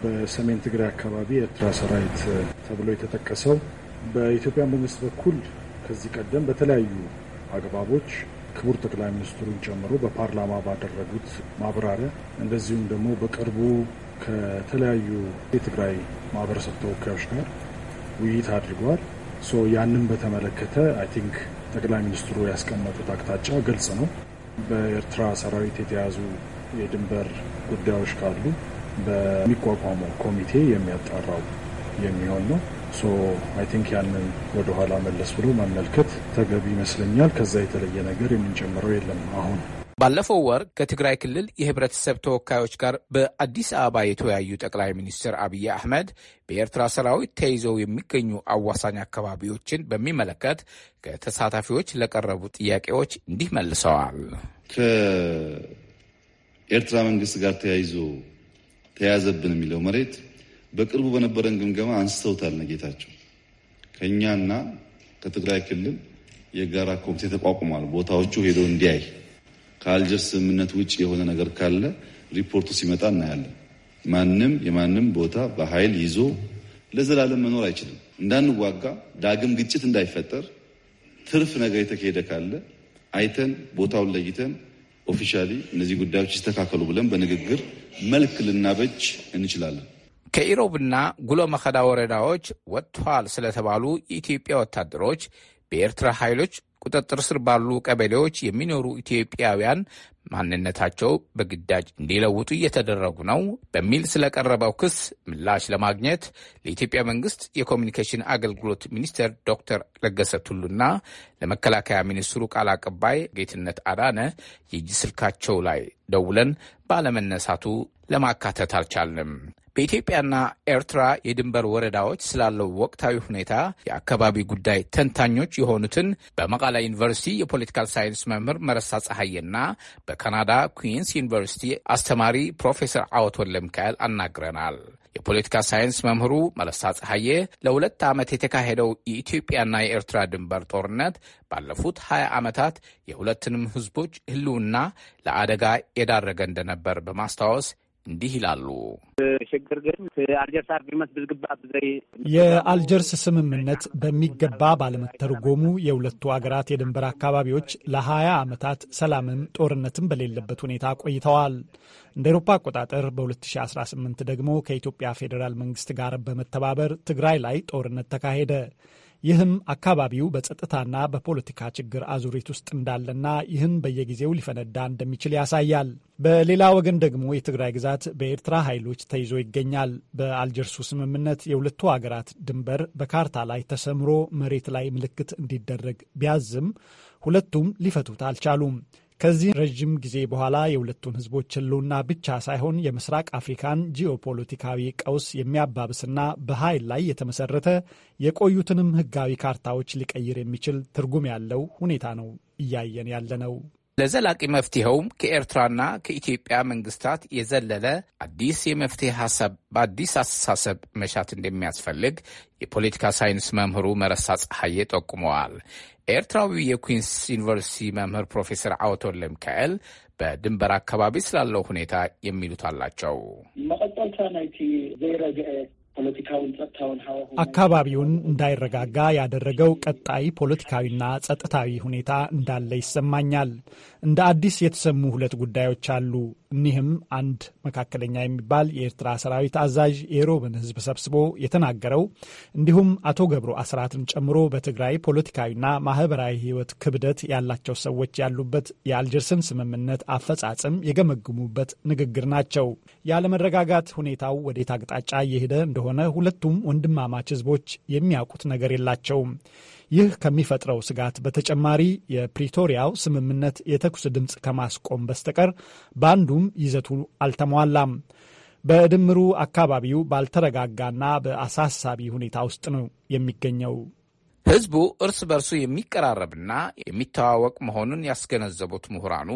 በሰሜን ትግራይ አካባቢ የኤርትራ ሰራዊት ተብሎ የተጠቀሰው በኢትዮጵያ መንግስት በኩል ከዚህ ቀደም በተለያዩ አግባቦች ክቡር ጠቅላይ ሚኒስትሩን ጨምሮ በፓርላማ ባደረጉት ማብራሪያ እንደዚሁም ደግሞ በቅርቡ ከተለያዩ የትግራይ ማህበረሰብ ተወካዮች ጋር ውይይት አድርገዋል። ሶ ያንን በተመለከተ አይ ቲንክ ጠቅላይ ሚኒስትሩ ያስቀመጡት አቅጣጫ ግልጽ ነው። በኤርትራ ሰራዊት የተያዙ የድንበር ጉዳዮች ካሉ በሚቋቋመው ኮሚቴ የሚያጣራው የሚሆን ነው። ሶ አይ ቲንክ ያንን ወደኋላ መለስ ብሎ መመልከት ተገቢ ይመስለኛል። ከዛ የተለየ ነገር የምንጨምረው የለም አሁን ባለፈው ወር ከትግራይ ክልል የህብረተሰብ ተወካዮች ጋር በአዲስ አበባ የተወያዩ ጠቅላይ ሚኒስትር አብይ አህመድ በኤርትራ ሰራዊት ተይዘው የሚገኙ አዋሳኝ አካባቢዎችን በሚመለከት ከተሳታፊዎች ለቀረቡ ጥያቄዎች እንዲህ መልሰዋል። ኤርትራ መንግስት ጋር ተያይዞ ተያዘብን የሚለው መሬት በቅርቡ በነበረን ግምገማ አንስተውታል። ነጌታቸው ከእኛና ከትግራይ ክልል የጋራ ኮሚቴ ተቋቁሟል። ቦታዎቹ ሄዶ እንዲያይ ከአልጀር ስምምነት ውጭ የሆነ ነገር ካለ ሪፖርቱ ሲመጣ እናያለን። ማንም የማንም ቦታ በኃይል ይዞ ለዘላለም መኖር አይችልም። እንዳንዋጋ፣ ዳግም ግጭት እንዳይፈጠር፣ ትርፍ ነገር የተካሄደ ካለ አይተን ቦታውን ለይተን ኦፊሻሊ እነዚህ ጉዳዮች ይስተካከሉ ብለን በንግግር መልክ ልናበጅ እንችላለን። ከኢሮብና ጉሎ መከዳ ወረዳዎች ወጥተዋል ስለተባሉ የኢትዮጵያ ወታደሮች በኤርትራ ኃይሎች ቁጥጥር ስር ባሉ ቀበሌዎች የሚኖሩ ኢትዮጵያውያን ማንነታቸው በግዳጅ እንዲለውጡ እየተደረጉ ነው በሚል ስለቀረበው ክስ ምላሽ ለማግኘት ለኢትዮጵያ መንግስት የኮሚኒኬሽን አገልግሎት ሚኒስትር ዶክተር ለገሰ ቱሉና ለመከላከያ ሚኒስትሩ ቃል አቀባይ ጌትነት አዳነ የእጅ ስልካቸው ላይ ደውለን ባለመነሳቱ ለማካተት አልቻልንም። በኢትዮጵያና ኤርትራ የድንበር ወረዳዎች ስላለው ወቅታዊ ሁኔታ የአካባቢ ጉዳይ ተንታኞች የሆኑትን በመቃላ ዩኒቨርሲቲ የፖለቲካል ሳይንስ መምህር መረሳ ፀሐይና በካናዳ ኩዊንስ ዩኒቨርሲቲ አስተማሪ ፕሮፌሰር አወት ወልደ ሚካኤል አናግረናል። የፖለቲካ ሳይንስ መምህሩ መለሳ ፀሐዬ ለሁለት ዓመት የተካሄደው የኢትዮጵያና የኤርትራ ድንበር ጦርነት ባለፉት 20 ዓመታት የሁለትንም ሕዝቦች ህልውና ለአደጋ የዳረገ እንደነበር በማስታወስ እንዲህ ይላሉ። የአልጀርስ ስምምነት በሚገባ ባለመተርጎሙ የሁለቱ አገራት የድንበር አካባቢዎች ለሀያ ዓመታት ሰላምም ጦርነትም በሌለበት ሁኔታ ቆይተዋል። እንደ ኤሮፓ አቆጣጠር በ2018 ደግሞ ከኢትዮጵያ ፌዴራል መንግስት ጋር በመተባበር ትግራይ ላይ ጦርነት ተካሄደ። ይህም አካባቢው በጸጥታና በፖለቲካ ችግር አዙሪት ውስጥ እንዳለና ይህም በየጊዜው ሊፈነዳ እንደሚችል ያሳያል። በሌላ ወገን ደግሞ የትግራይ ግዛት በኤርትራ ኃይሎች ተይዞ ይገኛል። በአልጀርሱ ስምምነት የሁለቱ ሀገራት ድንበር በካርታ ላይ ተሰምሮ መሬት ላይ ምልክት እንዲደረግ ቢያዝም ሁለቱም ሊፈቱት አልቻሉም። ከዚህ ረዥም ጊዜ በኋላ የሁለቱን ህዝቦች ህልውና ብቻ ሳይሆን የምስራቅ አፍሪካን ጂኦፖለቲካዊ ቀውስ የሚያባብስና በኃይል ላይ የተመሰረተ የቆዩትንም ህጋዊ ካርታዎች ሊቀይር የሚችል ትርጉም ያለው ሁኔታ ነው እያየን ያለነው። ለዘላቂ መፍትሄውም ከኤርትራና ከኢትዮጵያ መንግስታት የዘለለ አዲስ የመፍትሄ ሀሳብ በአዲስ አስተሳሰብ መሻት እንደሚያስፈልግ የፖለቲካ ሳይንስ መምህሩ መረሳ ፀሐዬ ጠቁመዋል። ኤርትራዊ የኩንስ ዩኒቨርሲቲ መምህር ፕሮፌሰር አወቶለ ሚካኤል በድንበር አካባቢ ስላለው ሁኔታ የሚሉት አላቸው። መቀጠልታ ናይቲ ዘይረግአ አካባቢውን እንዳይረጋጋ ያደረገው ቀጣይ ፖለቲካዊና ጸጥታዊ ሁኔታ እንዳለ ይሰማኛል። እንደ አዲስ የተሰሙ ሁለት ጉዳዮች አሉ። እኒህም አንድ መካከለኛ የሚባል የኤርትራ ሰራዊት አዛዥ የሮብን ሕዝብ ሰብስቦ የተናገረው እንዲሁም አቶ ገብሩ አስራትን ጨምሮ በትግራይ ፖለቲካዊና ማህበራዊ ሕይወት ክብደት ያላቸው ሰዎች ያሉበት የአልጀርስን ስምምነት አፈጻጽም የገመገሙበት ንግግር ናቸው። ያለመረጋጋት ሁኔታው ወዴት አቅጣጫ እየሄደ እንደሆነ እንደሆነ ሁለቱም ወንድማማች ህዝቦች የሚያውቁት ነገር የላቸውም። ይህ ከሚፈጥረው ስጋት በተጨማሪ የፕሪቶሪያው ስምምነት የተኩስ ድምፅ ከማስቆም በስተቀር በአንዱም ይዘቱ አልተሟላም። በድምሩ አካባቢው ባልተረጋጋና በአሳሳቢ ሁኔታ ውስጥ ነው የሚገኘው። ህዝቡ እርስ በርሱ የሚቀራረብና የሚተዋወቅ መሆኑን ያስገነዘቡት ምሁራኑ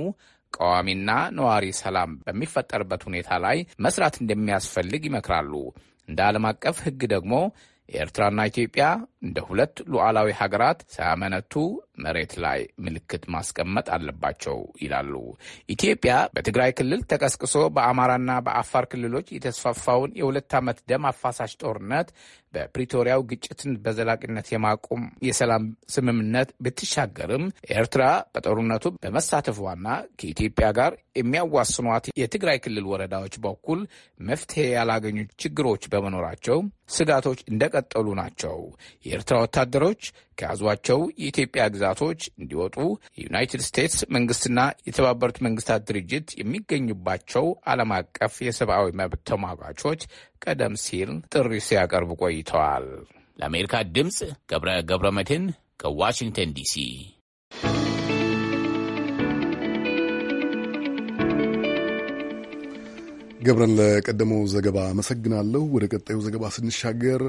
ቀዋሚና ነዋሪ ሰላም በሚፈጠርበት ሁኔታ ላይ መስራት እንደሚያስፈልግ ይመክራሉ። እንደ ዓለም አቀፍ ሕግ ደግሞ ኤርትራና ኢትዮጵያ እንደ ሁለት ሉዓላዊ ሀገራት ሳያመነቱ መሬት ላይ ምልክት ማስቀመጥ አለባቸው ይላሉ። ኢትዮጵያ በትግራይ ክልል ተቀስቅሶ በአማራና በአፋር ክልሎች የተስፋፋውን የሁለት ዓመት ደም አፋሳሽ ጦርነት በፕሪቶሪያው ግጭትን በዘላቂነት የማቆም የሰላም ስምምነት ብትሻገርም ኤርትራ በጦርነቱ በመሳተፏና ከኢትዮጵያ ጋር የሚያዋስኗት የትግራይ ክልል ወረዳዎች በኩል መፍትሄ ያላገኙ ችግሮች በመኖራቸው ስጋቶች እንደቀጠሉ ናቸው። የኤርትራ ወታደሮች ከያዟቸው የኢትዮጵያ ግዛቶች እንዲወጡ የዩናይትድ ስቴትስ መንግስትና የተባበሩት መንግስታት ድርጅት የሚገኙባቸው ዓለም አቀፍ የሰብአዊ መብት ተሟጋቾች ቀደም ሲል ጥሪ ሲያቀርቡ ቆይተዋል። ለአሜሪካ ድምፅ ገብረ ገብረ መድህን ከዋሽንግተን ዲሲ። ገብረን ለቀደመው ዘገባ አመሰግናለሁ። ወደ ቀጣዩ ዘገባ ስንሻገር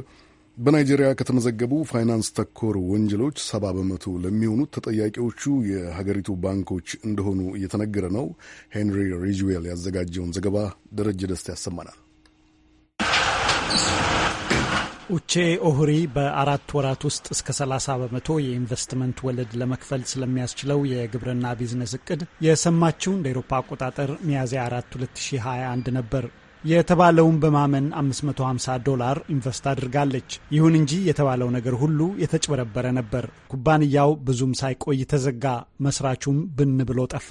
በናይጄሪያ ከተመዘገቡ ፋይናንስ ተኮር ወንጀሎች ሰባ በመቶ ለሚሆኑት ተጠያቂዎቹ የሀገሪቱ ባንኮች እንደሆኑ እየተነገረ ነው። ሄንሪ ሪጅዌል ያዘጋጀውን ዘገባ ደረጀ ደስታ ያሰማናል። ኡቼ ኦሁሪ በአራት ወራት ውስጥ እስከ 30 በመቶ የኢንቨስትመንት ወለድ ለመክፈል ስለሚያስችለው የግብርና ቢዝነስ እቅድ የሰማችው እንደ ኤሮፓ አቆጣጠር ሚያዝያ 4 2021 ነበር። የተባለውን በማመን 550 ዶላር ኢንቨስት አድርጋለች። ይሁን እንጂ የተባለው ነገር ሁሉ የተጭበረበረ ነበር። ኩባንያው ብዙም ሳይቆይ ተዘጋ፣ መስራቹም ብን ብሎ ጠፋ።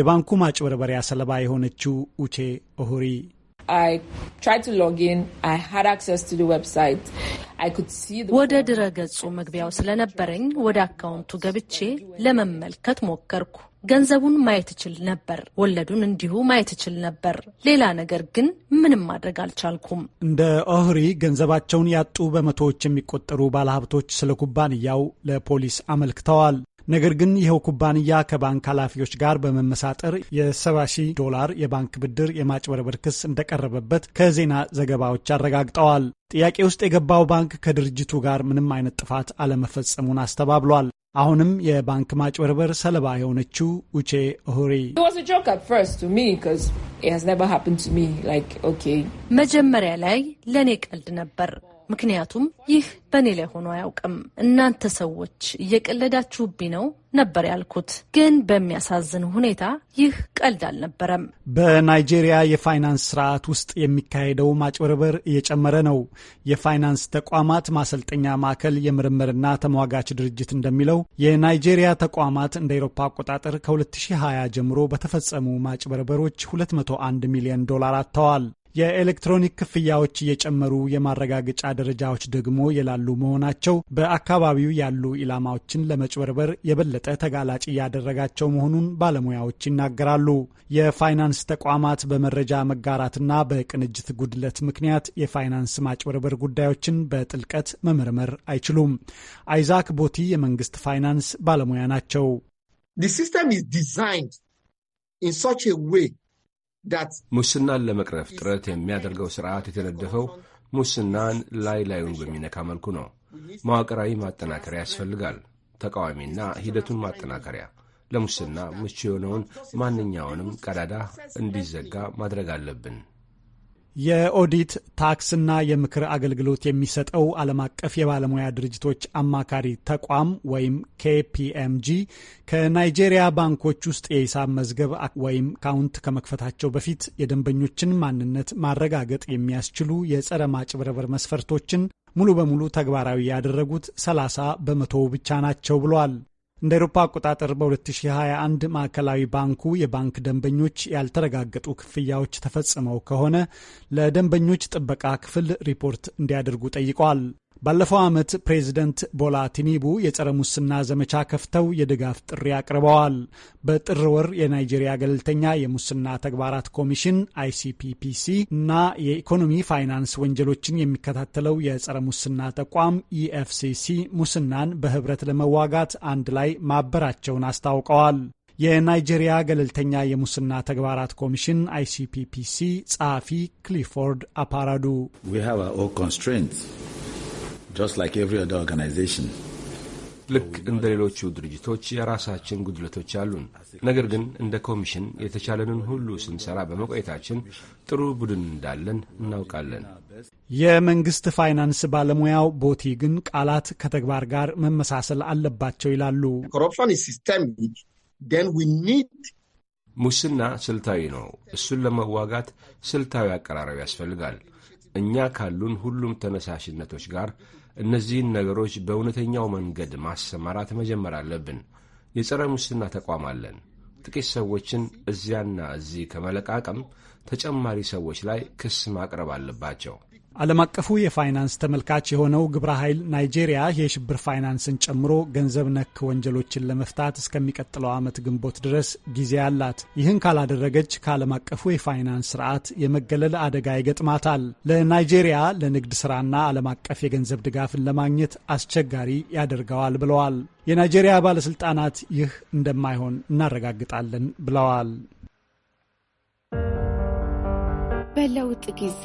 የባንኩ ማጭበርበሪያ ሰለባ የሆነችው ኡቼ ኦሁሪ ወደ ድረ ገጹ መግቢያው ስለነበረኝ ወደ አካውንቱ ገብቼ ለመመልከት ሞከርኩ። ገንዘቡን ማየት እችል ነበር፣ ወለዱን እንዲሁ ማየት እችል ነበር። ሌላ ነገር ግን ምንም ማድረግ አልቻልኩም። እንደ ኦህሪ ገንዘባቸውን ያጡ በመቶዎች የሚቆጠሩ ባለሀብቶች ስለ ኩባንያው ለፖሊስ አመልክተዋል። ነገር ግን ይኸው ኩባንያ ከባንክ ኃላፊዎች ጋር በመመሳጠር የ70 ሺህ ዶላር የባንክ ብድር የማጭበርበር ክስ እንደቀረበበት ከዜና ዘገባዎች አረጋግጠዋል። ጥያቄ ውስጥ የገባው ባንክ ከድርጅቱ ጋር ምንም አይነት ጥፋት አለመፈጸሙን አስተባብሏል። አሁንም የባንክ ማጭበርበር ሰለባ የሆነችው ኡቼ ሆሪ መጀመሪያ ላይ ለእኔ ቀልድ ነበር ምክንያቱም ይህ በእኔ ላይ ሆኖ አያውቅም። እናንተ ሰዎች እየቀለዳችሁብኝ ነው ነበር ያልኩት። ግን በሚያሳዝን ሁኔታ ይህ ቀልድ አልነበረም። በናይጄሪያ የፋይናንስ ስርዓት ውስጥ የሚካሄደው ማጭበርበር እየጨመረ ነው። የፋይናንስ ተቋማት ማሰልጠኛ ማዕከል የምርምርና ተሟጋች ድርጅት እንደሚለው የናይጄሪያ ተቋማት እንደ ኤሮፓ አቆጣጠር ከ2020 ጀምሮ በተፈጸሙ ማጭበርበሮች 201 ሚሊዮን ዶላር አጥተዋል። የኤሌክትሮኒክ ክፍያዎች እየጨመሩ የማረጋገጫ ደረጃዎች ደግሞ የላሉ መሆናቸው በአካባቢው ያሉ ኢላማዎችን ለመጭበርበር የበለጠ ተጋላጭ እያደረጋቸው መሆኑን ባለሙያዎች ይናገራሉ። የፋይናንስ ተቋማት በመረጃ መጋራትና በቅንጅት ጉድለት ምክንያት የፋይናንስ ማጭበርበር ጉዳዮችን በጥልቀት መመርመር አይችሉም። አይዛክ ቦቲ የመንግስት ፋይናንስ ባለሙያ ናቸው። The system is designed ሙስናን ለመቅረፍ ጥረት የሚያደርገው ስርዓት የተነደፈው ሙስናን ላይ ላዩን በሚነካ መልኩ ነው። መዋቅራዊ ማጠናከሪያ ያስፈልጋል። ተቃዋሚና ሂደቱን ማጠናከሪያ ለሙስና ምቹ የሆነውን ማንኛውንም ቀዳዳ እንዲዘጋ ማድረግ አለብን። የኦዲት ታክስና የምክር አገልግሎት የሚሰጠው ዓለም አቀፍ የባለሙያ ድርጅቶች አማካሪ ተቋም ወይም ኬፒኤምጂ ከናይጄሪያ ባንኮች ውስጥ የሂሳብ መዝገብ ወይም ካውንት ከመክፈታቸው በፊት የደንበኞችን ማንነት ማረጋገጥ የሚያስችሉ የጸረ ማጭበረበር መስፈርቶችን ሙሉ በሙሉ ተግባራዊ ያደረጉት 30 በመቶ ብቻ ናቸው ብሏል። እንደ አውሮፓ አቆጣጠር በ2021 ማዕከላዊ ባንኩ የባንክ ደንበኞች ያልተረጋገጡ ክፍያዎች ተፈጽመው ከሆነ ለደንበኞች ጥበቃ ክፍል ሪፖርት እንዲያደርጉ ጠይቀዋል። ባለፈው ዓመት ፕሬዚደንት ቦላ ቲኒቡ የጸረ ሙስና ዘመቻ ከፍተው የድጋፍ ጥሪ አቅርበዋል። በጥር ወር የናይጄሪያ ገለልተኛ የሙስና ተግባራት ኮሚሽን አይሲፒፒሲ እና የኢኮኖሚ ፋይናንስ ወንጀሎችን የሚከታተለው የጸረ ሙስና ተቋም ኢኤፍሲሲ ሙስናን በህብረት ለመዋጋት አንድ ላይ ማበራቸውን አስታውቀዋል። የናይጄሪያ ገለልተኛ የሙስና ተግባራት ኮሚሽን አይሲፒፒሲ ጸሐፊ ክሊፎርድ አፓራዱ ልክ እንደ ሌሎቹ ድርጅቶች የራሳችን ጉድለቶች አሉን። ነገር ግን እንደ ኮሚሽን የተቻለንን ሁሉ ስንሰራ በመቆየታችን ጥሩ ቡድን እንዳለን እናውቃለን። የመንግስት ፋይናንስ ባለሙያው ቦቲ ግን ቃላት ከተግባር ጋር መመሳሰል አለባቸው ይላሉ። ሙስና ስልታዊ ነው። እሱን ለመዋጋት ስልታዊ አቀራረብ ያስፈልጋል። እኛ ካሉን ሁሉም ተነሳሽነቶች ጋር እነዚህን ነገሮች በእውነተኛው መንገድ ማሰማራት መጀመር አለብን። የጸረ ሙስና ተቋም አለን። ጥቂት ሰዎችን እዚያና እዚህ ከመለቃቀም ተጨማሪ ሰዎች ላይ ክስ ማቅረብ አለባቸው። ዓለም አቀፉ የፋይናንስ ተመልካች የሆነው ግብረ ኃይል ናይጄሪያ የሽብር ፋይናንስን ጨምሮ ገንዘብ ነክ ወንጀሎችን ለመፍታት እስከሚቀጥለው ዓመት ግንቦት ድረስ ጊዜ አላት። ይህን ካላደረገች ከዓለም አቀፉ የፋይናንስ ስርዓት የመገለል አደጋ ይገጥማታል። ለናይጄሪያ ለንግድ ሥራና ዓለም አቀፍ የገንዘብ ድጋፍን ለማግኘት አስቸጋሪ ያደርገዋል ብለዋል። የናይጄሪያ ባለሥልጣናት ይህ እንደማይሆን እናረጋግጣለን ብለዋል። በለውጥ ጊዜ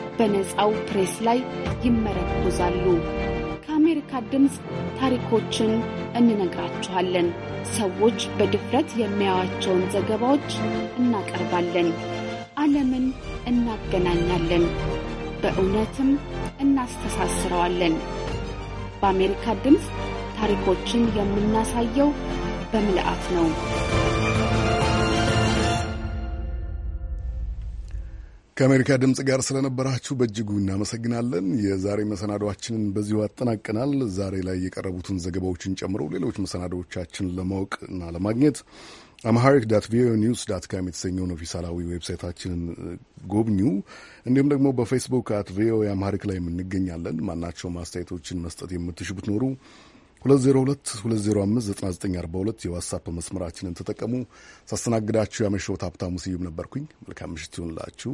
በነፃው ፕሬስ ላይ ይመረኮዛሉ። ከአሜሪካ ድምፅ ታሪኮችን እንነግራችኋለን። ሰዎች በድፍረት የሚያያቸውን ዘገባዎች እናቀርባለን። ዓለምን እናገናኛለን፣ በእውነትም እናስተሳስረዋለን። በአሜሪካ ድምፅ ታሪኮችን የምናሳየው በምልአት ነው። ከአሜሪካ ድምፅ ጋር ስለነበራችሁ በእጅጉ እናመሰግናለን። የዛሬ መሰናዶችንን በዚሁ አጠናቀናል። ዛሬ ላይ የቀረቡትን ዘገባዎችን ጨምሮ ሌሎች መሰናዶዎቻችን ለማወቅ እና ለማግኘት አምሃሪክ ዳት ቪኦኤ ኒውስ ዳት ካም የተሰኘውን ኦፊሳላዊ ዌብሳይታችንን ጎብኙ። እንዲሁም ደግሞ በፌስቡክ አት ቪኦኤ አምሃሪክ ላይ የምንገኛለን። ማናቸው ማስተያየቶችን መስጠት የምትሹ ብትኖሩ 2022059942 የዋትሳፕ መስመራችንን ተጠቀሙ። ሳስተናግዳችሁ ያመሸሁት ሀብታሙ ስዩም ነበርኩኝ። መልካም ምሽት ይሁንላችሁ።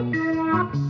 Thank you.